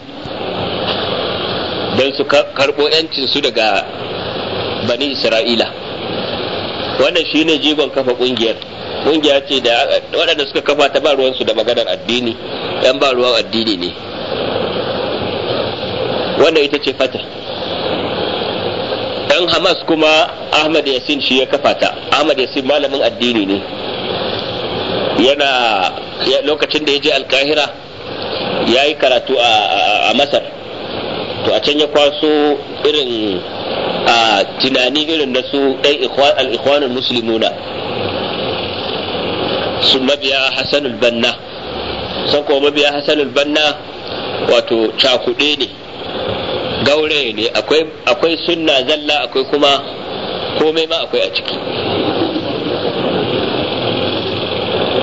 don su karɓo 'yancinsu daga bani isra'ila wannan shi ne jigon kafa ƙungiyar ƙungiya ce da waɗanda suka kafa ta ba ruwansu da maganar addini yan ba ruwan addini ne wannan ita ce fata ɗan hamas kuma ahmad yasin shi ya kafa ta ahmad yasin malamin addini ne yana lokacin da ya je alkahira ya yi karatu a masar to a can ya kwaso irin a tunani irin na su ɗan al-ikhwanul muslimuna sun mabiya hasanul banna san kuma mabiya hasanul banna wato cakuɗe ne gaure ne akwai sunna zalla akwai kuma komai ma akwai a ciki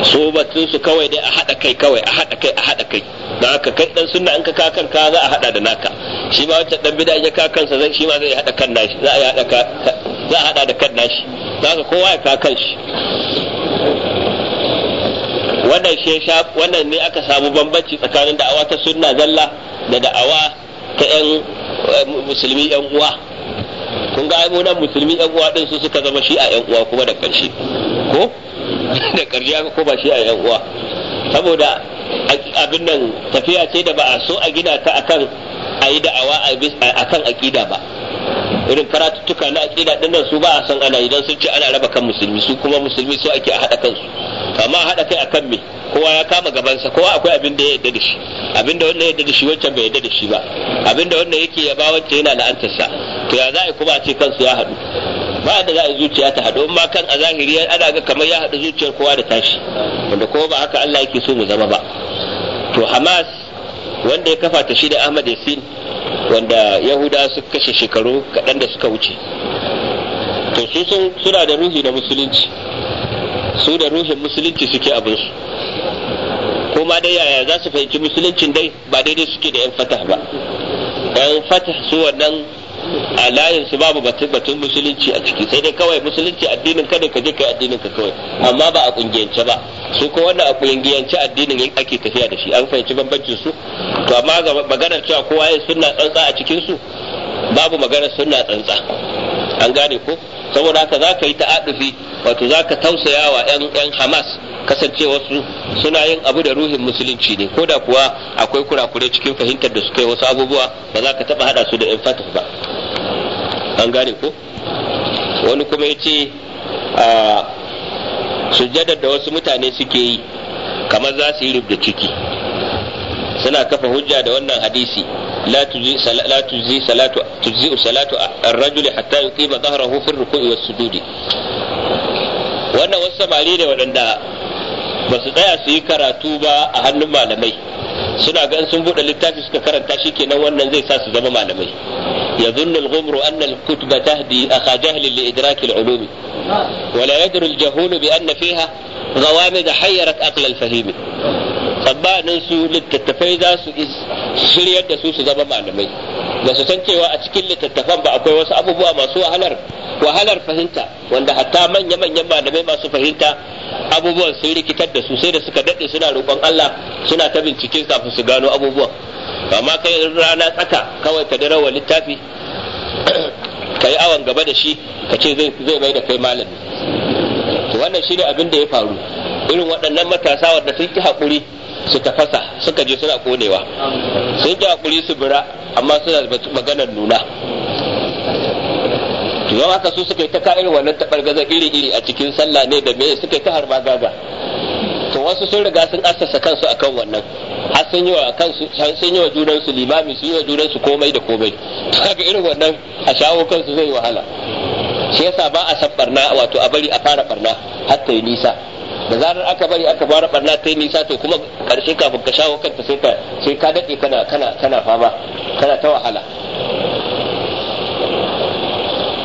su batun su kawai dai a haɗa kai kawai a haɗa kai a haɗa kai da haka kai dan sunna in ka ka za a haɗa da naka shi ma wancan dan bid'a ya ka sa zai shi ma zai haɗa kan nashi za a haɗa ka za a da kan nashi za ka kowa ya ka shi wannan shi wannan ne aka samu bambanci tsakanin da'awa ta sunna zalla da da'awa ta yan eh, musulmi yan uwa kun ga mu nan musulmi yan uwa din su suka zama shi a yan uwa kuma da karshe ko da karshe aka ba shi a yan uwa saboda abin nan tafiya ce da ba a so a gina ta akan a yi da'awa akan aƙida ba irin karatuttuka na aƙida ɗin nan su ba a san ana idan sun ce ana raba kan musulmi su kuma musulmi su ake a haɗa kansu ka ma haɗa kai akan me kowa ya kama gabansa kowa akwai abin da ya yadda da shi abin da wanda ya yadda da shi wancan bai yadda da shi ba abin da wanda yake yaba wancan yana la'antarsa to ya za a kuma a ce kansu ya haɗu ba da za a zuciya ta haɗu ma kan a zahiri ana ga kamar ya haɗu zuciyar kowa da tashi wanda kowa ba haka Allah yake so mu zama ba to Hamas wanda ya kafa ta shi da Ahmad Yassin wanda Yahuda suka kashe shekaru kaɗan da suka wuce to su suna da ruhi da musulunci su da ruhin musulunci suke abinsu ko ma dai yaya za su fahimci musuluncin dai ba daidai suke da 'yan fatah ba 'yan fatah su wannan a su babu batun musulunci a ciki sai dai kawai musulunci addinin ka ne ka je kai addinin ka kawai amma ba a kungiyance ba su ko wannan a kungiyance addinin ake tafiya da shi an fahimci bambancin su to amma ga maganar cewa kowa ya sunna tsantsa a cikin su babu maganar sunna tsantsa an gane ko saboda haka za ka yi ta'adufi wato za ka tausaya wa 'yan hamas kasancewa su suna yin abu da ruhin musulunci ne ko da kuwa akwai kurakure cikin fahimtar da suka yi wasu abubuwa ba za ka taba hada su da 'yan fatih ba an gane ko wani kuma ya ce a sujjadar da wasu mutane suke yi kamar za su yi rubda ciki suna kafa hujja da wannan hadisi لا تجزي لا تجزي صلاة تجزئ صلاة الرجل حتى يقيم ظهره في الركوع والسجود wannan wasu samari ne waɗanda ba su tsaya su yi karatu ba a hannun malamai suna ga sun buɗe littafi suka karanta shi kenan wannan zai sa su zama malamai ya zunnu al-ghumru anna al-kutba tahdi akha jahli li idrak al-ulum wa la yadri al-jahul bi anna fiha غوامض حيرت عقل الفهيم tsammanin su littattafai za su shiryar da su su zama malamai da su san cewa a cikin littattafan ba akwai wasu abubuwa masu wahalar wahalar fahimta wanda hatta manya-manyan malamai masu fahimta abubuwan sun rikitar da su sai da suka daɗe suna roƙon Allah suna ta bincike kafin su gano abubuwan amma kai rana tsaka kawai ka da wa littafi ka yi awon gaba da shi ka ce zai mai da kai malami to wannan shine abin da ya faru irin waɗannan matasa wanda sun ki hakuri. su tafasa suka je suna konewa sun ji hakuri su bira amma suna maganar nuna don haka su suka yi ta irin wannan taɓar-gaza iri-iri a cikin sallah ne da me suka yi ta harba gaga to wasu sun riga sun assasa kansu akan wannan har sun yi wa kansu sun yi wa junan su limami sun yi wa junan komai da komai to kaga irin wannan a shawo kansu zai wahala shi yasa ba a san barna wato a bari a fara barna har ta yi nisa da zarar aka bari aka fara barna ta nisa to kuma karshe kafin ka shawo kanta sai ka sai ka dade kana kana kana fama kana ta wahala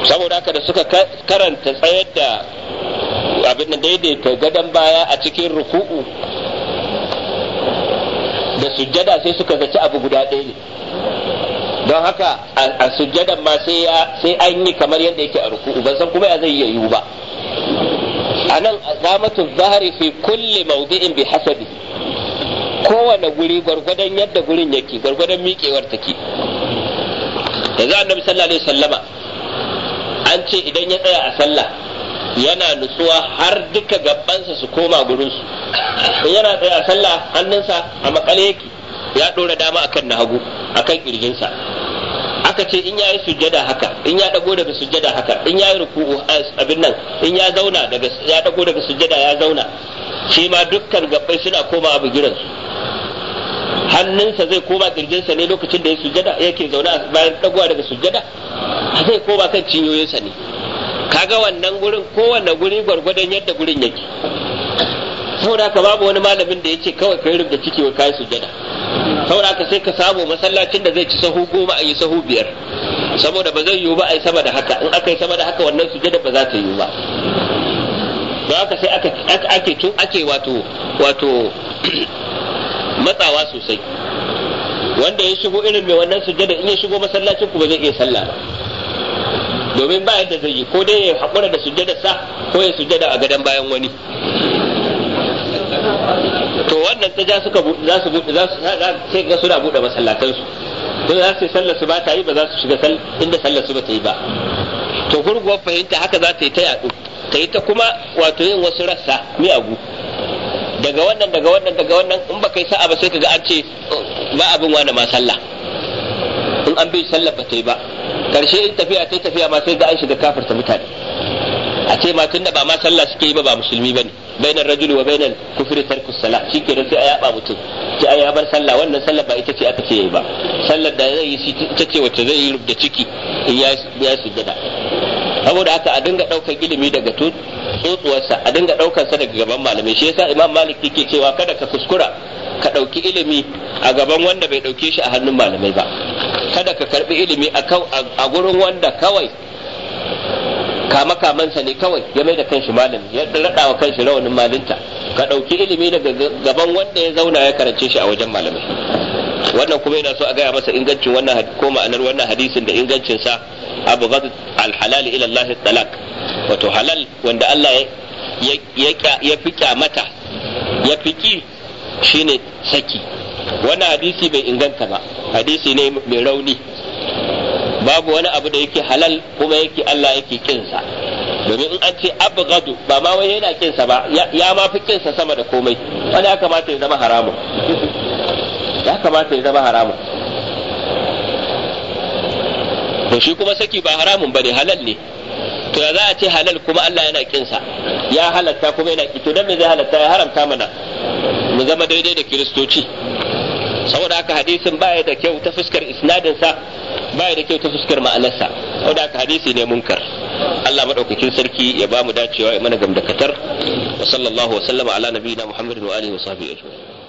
saboda haka da suka karanta tsayar da abin da daidaita gadon baya a cikin ruku'u da sujjada sai suka zaci abu guda ɗaya ne don haka a sujjadan ma sai an yi kamar yadda yake a ruku'u ban san kuma ya zai yiwu ba anan azamatu zahari fi kulli mawdi'in bi hasabi kowane guri gwargwadon yadda gurin yake gwargwadon miƙewar take yanzu annabi sallallahu alaihi wasallama an ce idan ya tsaya a sallah yana nutsuwa har duka gabansa su koma gurinsu in yana tsaya a sallah hannunsa a makale yake ya ɗora dama akan na hagu akan kirjinsa aka ce in yi sujjada haka in ya dago daga sujjada haka in yayi ruku'u eh, abin nan in ya zauna daga ya dago daga sujjada ya zauna shi ma dukkan gabbai suna koma abu giran hannunsa zai koma kirjinsa ne lokacin da ya sujjada yake zaune bayan dagowa daga sujjada zai koma kan cinyoyinsa ne kaga wannan gurin kowanne guri gwargwadon yadda gurin yake saboda haka babu wani malamin da yace kawai kai rubda ciki wai kai sujada saboda haka sai ka samu masallacin da zai ci sahu goma a yi sahu biyar saboda ba zai yiwu ba a yi sama da haka in aka yi sama da haka wannan sujada ba za ta yiwu ba don haka sai aka ake tun ake wato wato matsawa sosai wanda ya shigo irin mai wannan sujada in ya shigo masallacin ku ba zai iya sallah ba domin ba yadda zai yi ko dai ya haƙura da sujada sa ko ya sujada a gadon bayan wani to wannan ta ja suka za su za su sai ga suna bude masallatan su to za su sallar su ba ta yi ba za su shiga inda sallar su ba ta yi ba to gurguwar fahimta haka za ta yi ta yadu ta yi ta kuma wato yin wasu rassa miyagu daga wannan daga wannan daga wannan in ba kai sa'a ba sai kaga an ce oh, ba abin wani ma sallah in an bi sallar ba ta yi ba karshe in tafiya ta tafiya ma sai ga an shiga kafarta mutane a ce ma tunda ba ma sallah suke yi ba ba musulmi bane bainar rajuli wa bainal kufri tarku sala shikenan sai a yaba mutum sai ya bar sallah wannan sallah ba ita ce aka ce ba sallar da zai yi ita ce wacce zai yi da ciki in ya saboda haka a dinga daukar ilimi daga tsotsuwarsa a dinga daukar sa daga gaban malamai shi yasa imam malik yake cewa kada ka kuskura ka dauki ilimi a gaban wanda bai dauke shi a hannun malamai ba kada ka karbi ilimi a gurin wanda kawai kama kamansa ne kawai ya mai da kanshi malami ya rada wa kanshi rawanin malinta ka ɗauki ilimi daga gaban wanda ya zauna ya karance shi a wajen malamai wannan kuma yana so a gaya masa ingancin wannan ko ma'anar wannan hadisin da ingancin sa abu ghad al halal ila Allah talak wato halal wanda Allah ya fi kyamata ya fi ki shine saki wannan hadisi bai inganta ba hadisi ne mai rauni babu wani abu da yake halal kuma yake Allah yake kinsa domin in an ce abgadu ba ma wai yana kinsa ba ya ma fi kinsa sama da komai wani ya kamata ya zama haramun ya kamata ya zama haramun to shi kuma saki ba haramun bane halal ne to ya za a ce halal kuma Allah yana kinsa ya halatta kuma yana ki to dan me zai halatta ya haramta mana mu zama daidai da kiristoci saboda haka hadisin baya da kyau ta fuskar isnadin sa baya da kyau ta fuskar ma'anarsa saboda haka hadisi ne munkar Allah madaukakin sarki ya ba mu dacewa ya mana gamdakatar wa sallallahu wa sallama ala nabiyina Muhammadin wa alihi wa sahbihi ajma'in